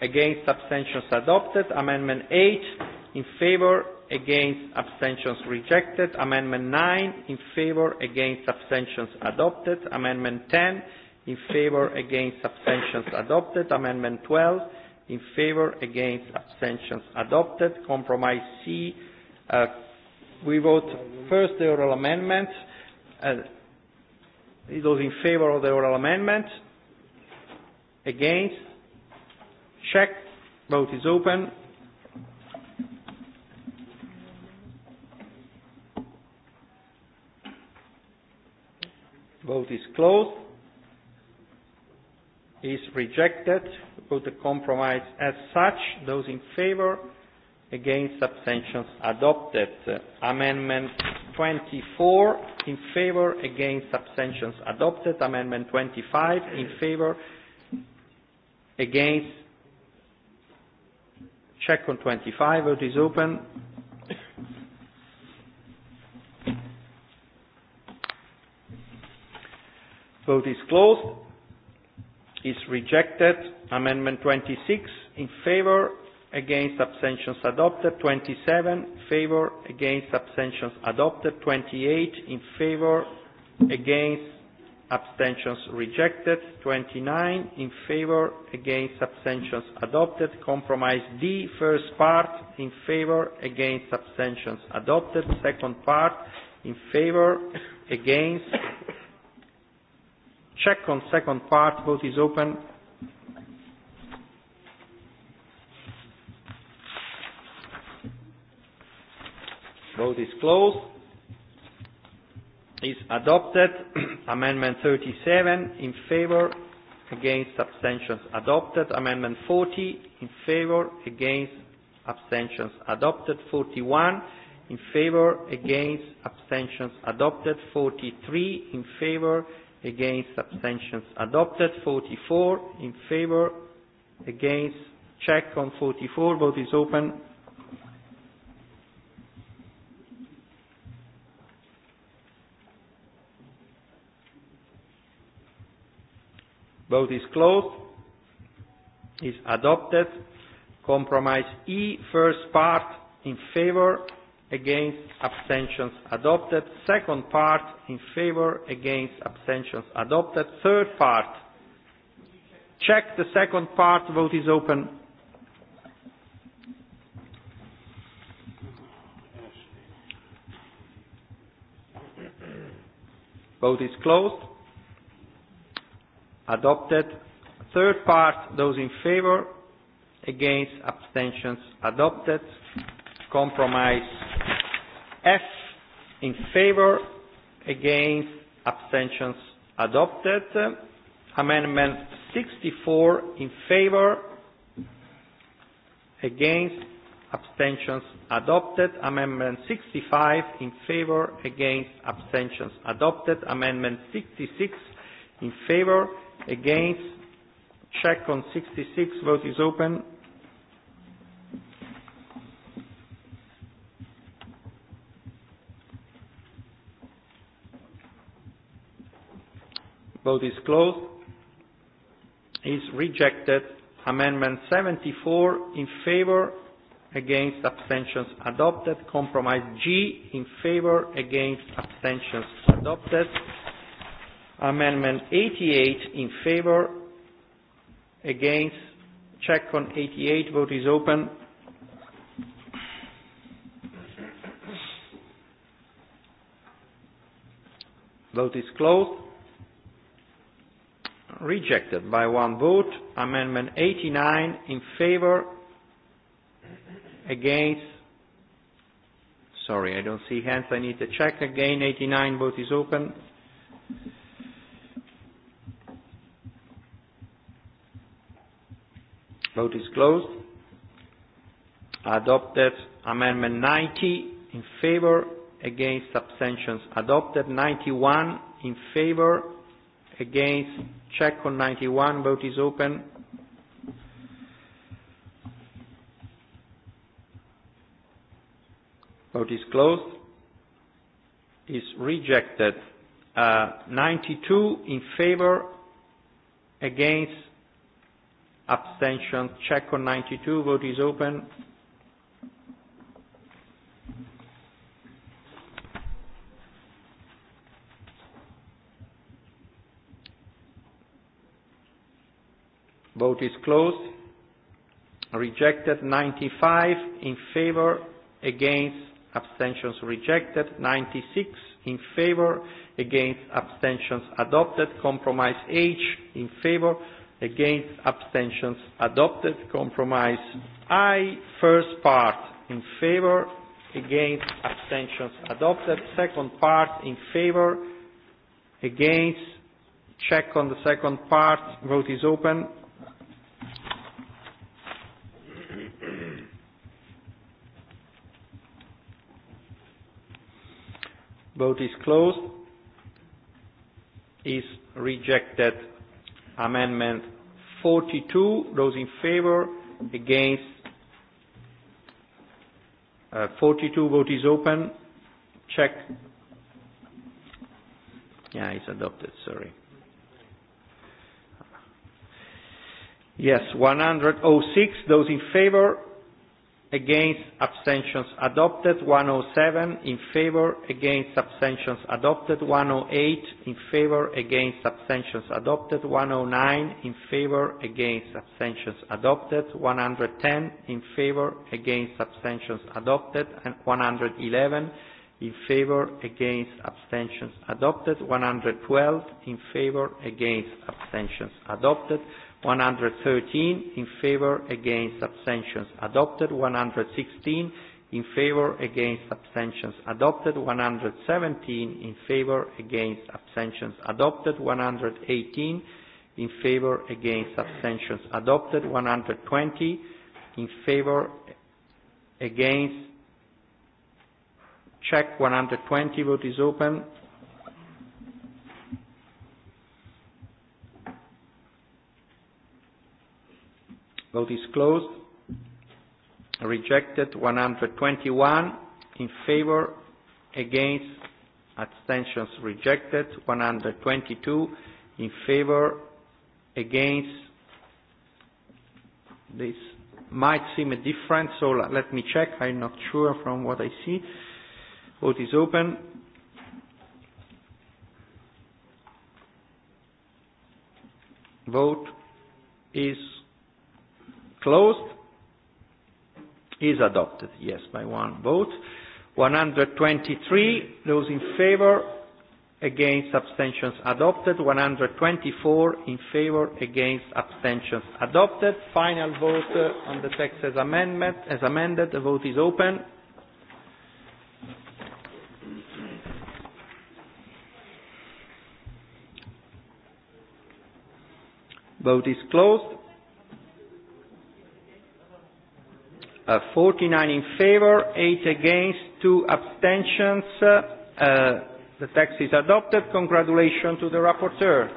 against abstentions adopted. Amendment 8, in favor, against abstentions rejected. Amendment 9 in favor against abstentions adopted. Amendment 10 in favor against abstentions adopted. Amendment 12 in favor against abstentions adopted. Compromise C. Uh, we vote first the oral amendment. Uh, those in favor of the oral amendment? Against? Check. Vote is open. Vote is closed. Is rejected. Vote the compromise as such. Those in favor, against abstentions adopted. Amendment 24 in favor, against abstentions adopted. Amendment 25 in favor, against. Check on 25. Vote is open. Vote is closed. Is rejected. Amendment 26 in favor, against abstentions adopted. 27 favor, against abstentions adopted. 28 in favor, against abstentions rejected. 29 in favor, against abstentions adopted. Compromise D, first part, in favor, against abstentions adopted. Second part, in favor, against Check on second part. Vote is open. Vote is closed. Is adopted. Amendment 37 in favor, against abstentions adopted. Amendment 40 in favor, against abstentions adopted. 41 in favor, against abstentions adopted. 43 in favor, against abstentions adopted 44 in favor against check on 44 vote is open vote is closed is adopted compromise e first part in favor against abstentions adopted second part in favor against abstentions adopted third part check the second part vote is open vote is closed adopted third part those in favor against abstentions adopted compromise F in favor, against, abstentions adopted. Amendment 64 in favor, against, abstentions adopted. Amendment 65 in favor, against, abstentions adopted. Amendment 66 in favor, against, check on 66, vote is open. Vote is closed. Is rejected. Amendment 74 in favor, against abstentions adopted. Compromise G in favor, against abstentions adopted. Amendment 88 in favor, against. Check on 88. Vote is open. Vote is closed rejected by one vote. Amendment 89 in favor, against, sorry, I don't see hands, I need to check again. 89 vote is open. Vote is closed. Adopted amendment 90 in favor, against abstentions. Adopted 91 in favor, against Check on 91. Vote is open. Vote is closed. Is rejected. Uh, 92 in favor, against, abstention. Check on 92. Vote is open. Vote is closed. Rejected 95 in favor, against, abstentions rejected. 96 in favor, against, abstentions adopted. Compromise H in favor, against, abstentions adopted. Compromise I, first part, in favor, against, abstentions adopted. Second part, in favor, against, check on the second part. Vote is open. Vote is closed. Is rejected. Amendment 42. Those in favor? Against? Uh, 42. Vote is open. Check. Yeah, it's adopted. Sorry. Yes, 106. Those in favor? against abstentions adopted 107 in favor against abstentions adopted 108 in favor against abstentions adopted 109 in favor against abstentions adopted 110 in favor against abstentions adopted and 111 in favor against abstentions adopted 112 in favor against abstentions adopted 113 in favor against abstentions adopted 116 in favor against abstentions adopted 117 in favor against abstentions adopted 118 in favor against abstentions adopted 120 in favor against check 120 vote is open Vote is closed. Rejected 121 in favor, against, abstentions rejected 122 in favor, against. This might seem a different, so let me check. I'm not sure from what I see. Vote is open. Vote is Closed. Is adopted. Yes, by one vote. 123. Those in favor. Against abstentions adopted. 124 in favor. Against abstentions adopted. Final vote uh, on the text as, amendment, as amended. The vote is open. Vote is closed. 49 in favor, 8 against, 2 abstentions. Uh, the text is adopted. Congratulations to the rapporteur.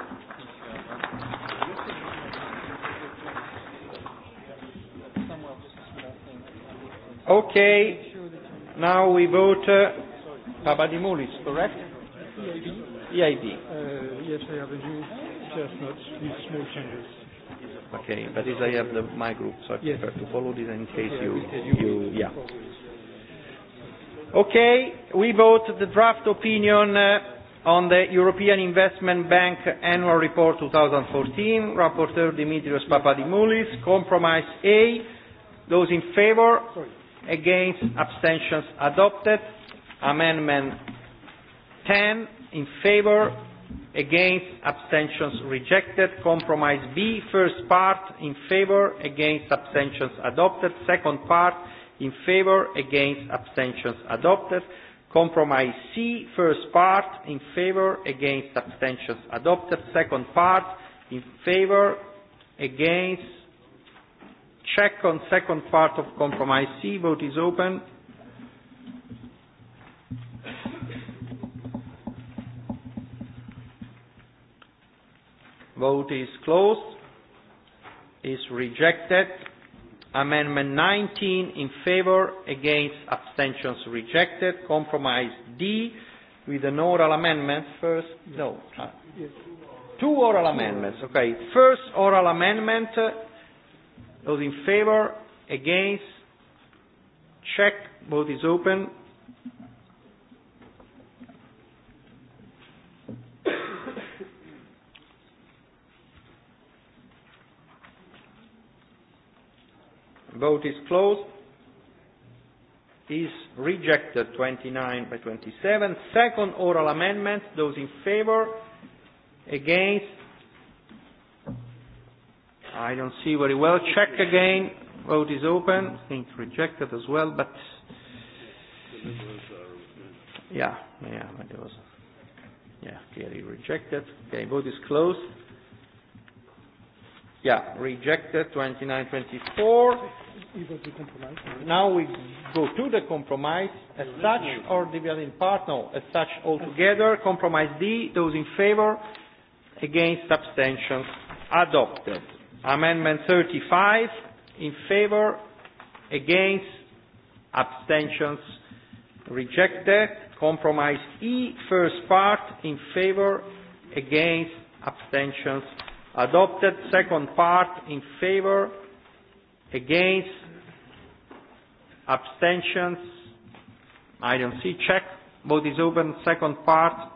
Okay, now we vote uh, Papadimoulis, correct? EIB. EIB. Uh, yes, I have a new chestnut with small changes. Okay, but this I have the, my group, so I prefer to follow this in case you, you yeah. Okay, we vote the draft opinion uh, on the European Investment Bank Annual Report 2014, Rapporteur Dimitrios Papadimoulis, Compromise A, those in favour, against, abstentions adopted, Amendment 10, in favour, against abstentions rejected compromise b first part in favor against abstentions adopted second part in favor against abstentions adopted compromise c first part in favor against abstentions adopted second part in favor against check on second part of compromise c vote is open Vote is closed. Is rejected. Amendment 19 in favor, against abstentions rejected. Compromise D with an oral amendment. First, no. Uh, two oral amendments. Okay. First oral amendment. Those in favor, against. Check. Vote is open. Vote is closed. Is rejected 29 by 27. Second oral amendment. Those in favor? Against? I don't see very well. Check again. Vote is open. I think rejected as well, but yeah, yeah, but it was yeah, clearly rejected. Okay, vote is closed. Yeah, rejected 29-24. Now we go to the compromise as such or dividing part? No, as such altogether. Compromise D, those in favor, against abstentions, adopted. Amendment 35, in favor, against, abstentions, rejected. Compromise E, first part, in favor, against, abstentions, adopted. Second part, in favor, Against? Abstentions? I don't see. Check. Vote is open. Second part.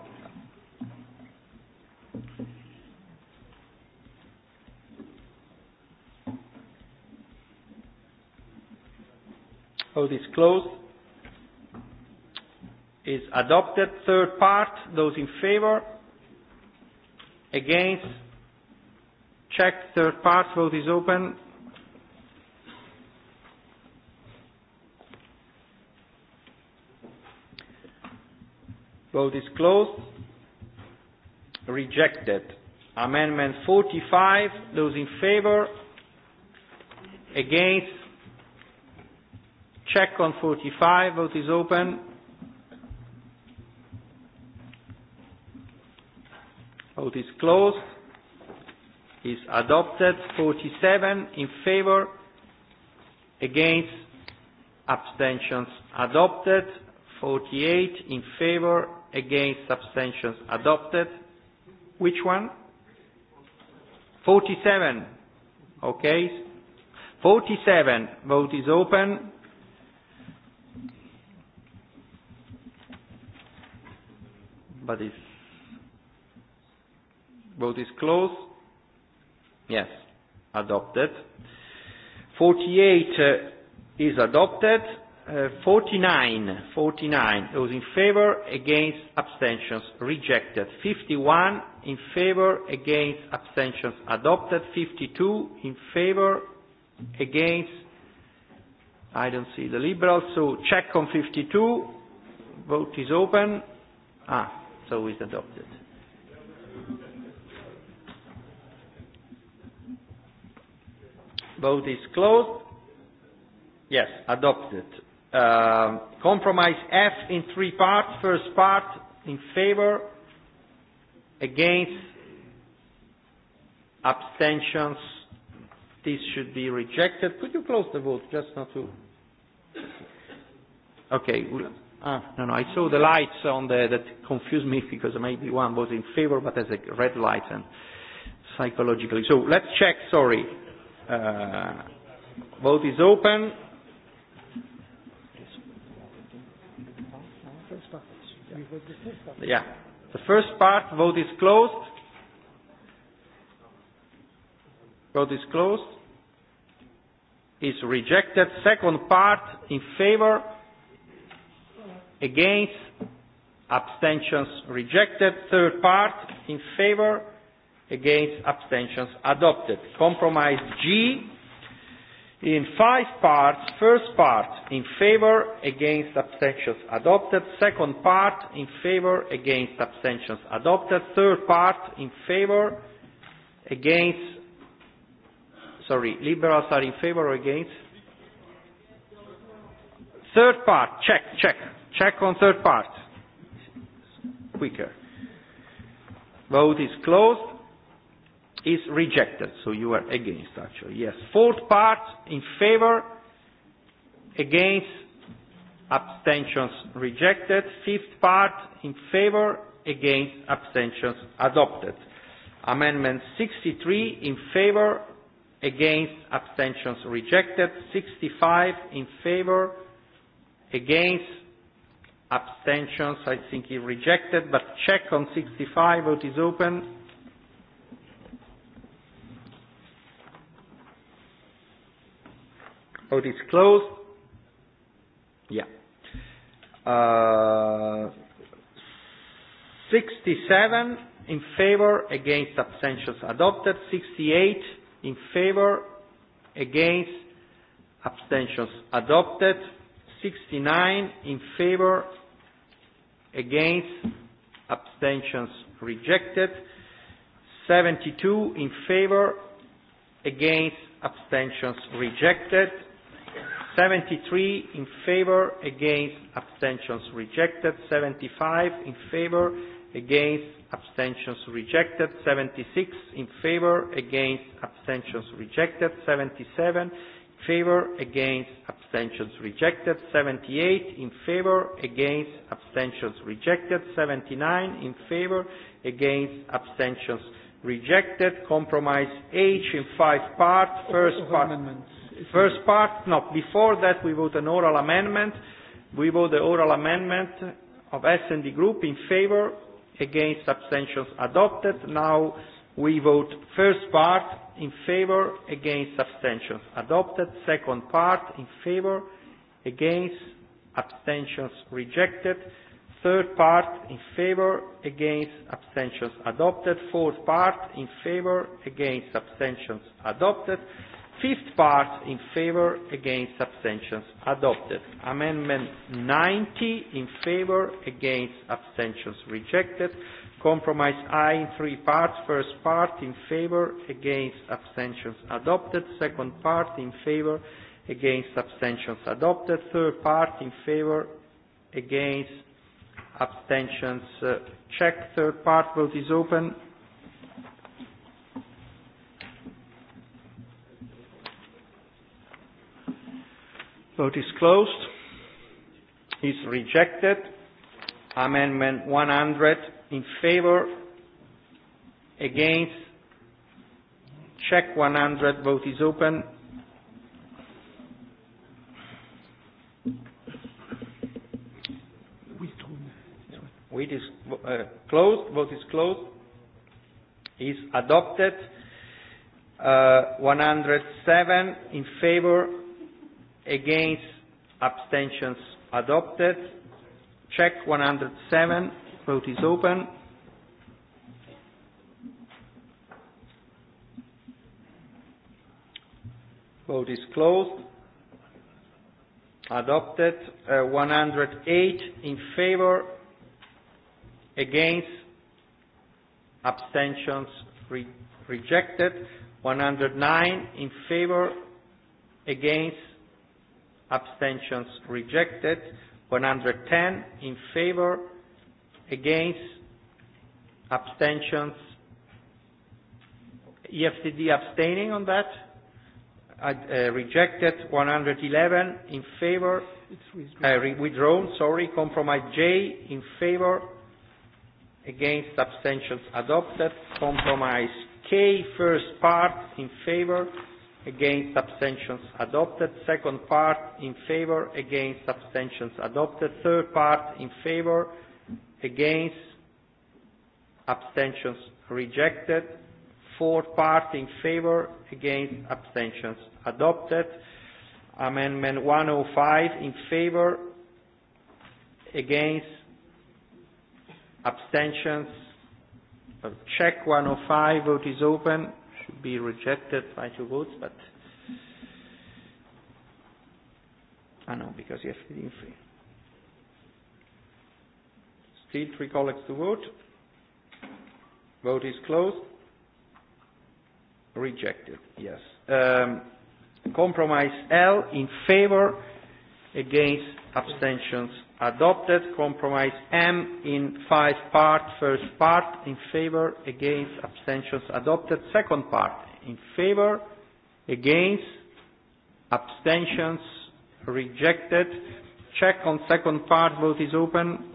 Vote is closed. Is adopted. Third part. Those in favor? Against? Check. Third part. Vote is open. Vote is closed. Rejected. Amendment 45. Those in favor? Against? Check on 45. Vote is open. Vote is closed. Is adopted. 47 in favor. Against? Abstentions adopted. 48 in favor against abstentions adopted. Which one? 47. Okay. 47. Vote is open. But it's vote is closed. Yes, adopted. 48 uh, is adopted. 49, 49, those in favor, against, abstentions, rejected. 51, in favor, against, abstentions, adopted. 52, in favor, against, I don't see the liberals, so check on 52. Vote is open. Ah, so it's adopted. Vote is closed. Yes, adopted compromise F in three parts. First part in favor, against, abstentions. This should be rejected. Could you close the vote just not to? Okay. Ah, no, no. I saw the lights on the that confused me because maybe one was in favor, but there's a red light and psychologically. So let's check. Sorry. Uh, vote is open. Yeah. The first part, vote is closed. Vote is closed. Is rejected. Second part, in favor. Against. Abstentions rejected. Third part, in favor. Against. Abstentions adopted. Compromise G in five parts. First part, in favor, against abstentions adopted. Second part, in favor, against abstentions adopted. Third part, in favor, against, sorry, liberals are in favor or against? Third part, check, check, check on third part. Quicker. Vote is closed is rejected. So you are against, actually. Yes. Fourth part, in favor, against, abstentions rejected. Fifth part, in favor, against, abstentions adopted. Amendment 63, in favor, against, abstentions rejected. 65, in favor, against, abstentions, I think he rejected, but check on 65, vote is open. Oh, it's closed. Yeah. Uh, 67 in favor, against abstentions adopted. 68 in favor, against abstentions adopted. 69 in favor, against abstentions rejected. 72 in favor, against abstentions rejected. 73 in favor, against, abstentions rejected. 75 in favor, against, abstentions rejected. 76 in favor, against, abstentions rejected. 77 in favor, against, abstentions rejected. 78 in favor, against, abstentions rejected. 79 in favor, against, abstentions rejected. Compromise H in five parts. First part. Amendments First part, no, before that we vote an oral amendment. We vote the oral amendment of S&D Group in favor, against abstentions adopted. Now we vote first part in favor, against abstentions adopted. Second part in favor, against abstentions rejected. Third part in favor, against abstentions adopted. Fourth part in favor, against abstentions adopted. Fifth part, in favor, against, abstentions, adopted. Amendment 90, in favor, against, abstentions, rejected. Compromise I in three parts. First part, in favor, against, abstentions, adopted. Second part, in favor, against, abstentions, adopted. Third part, in favor, against, abstentions, uh, check. Third part, vote is open. Vote is closed. Is rejected. Amendment 100 in favor. Against. Check 100. Vote is open. Vote is uh, closed. Vote is closed. Is adopted. Uh, 107 in favor against, abstentions adopted. Check 107, vote is open. Vote is closed. Adopted. Uh, 108 in favor, against, abstentions re- rejected. 109 in favor, against, abstentions rejected. 110 in favor, against, abstentions. EFTD abstaining on that. Uh, rejected. 111 in favor. It's withdrawn. Uh, withdrawn. Sorry. Compromise J in favor. Against abstentions adopted. Compromise K first part in favor against abstentions adopted. Second part in favor against abstentions adopted. Third part in favor against abstentions rejected. Fourth part in favor against abstentions adopted. Amendment 105 in favor against abstentions. Check 105. Vote is open should be rejected by two votes, but I know because you have been free. Still three colleagues to vote. Vote is closed. Rejected. Yes. Um, compromise L in favor, against abstentions adopted. Compromise M in five part. First part in favor, against, abstentions adopted. Second part in favor, against, abstentions rejected. Check on second part. Vote is open.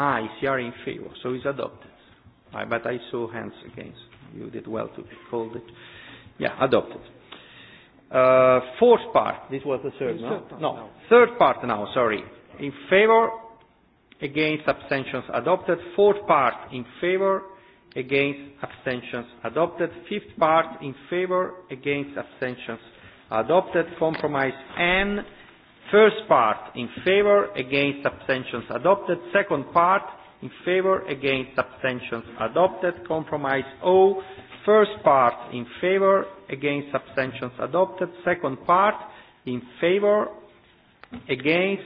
Ah, ECR in favor, so it's adopted. I, but I saw hands against. You did well to call it. Yeah, adopted. Uh, fourth part, this was the third, no? No, third part now, sorry. In favor, against abstentions adopted. Fourth part, in favor, against abstentions adopted. Fifth part, in favor, against abstentions adopted. Compromise N. First part, in favor, against abstentions adopted. Second part, in favor, against abstentions adopted. Compromise O. First part in favor, against abstentions adopted. Second part in favor, against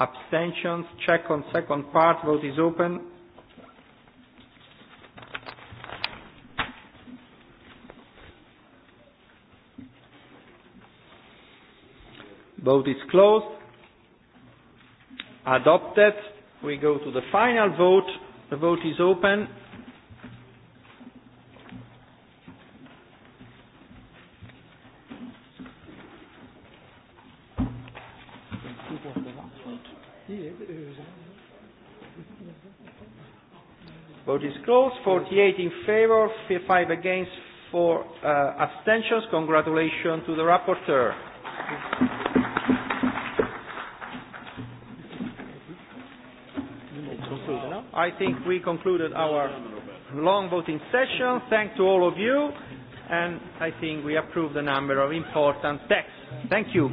abstentions. Check on second part. Vote is open. Vote is closed. Adopted. We go to the final vote. The vote is open. Vote is closed. 48 in favor, 5 against, 4 uh, abstentions. Congratulations to the rapporteur. I think we concluded our long voting session. Thanks to all of you. And I think we approved a number of important texts. Thank you.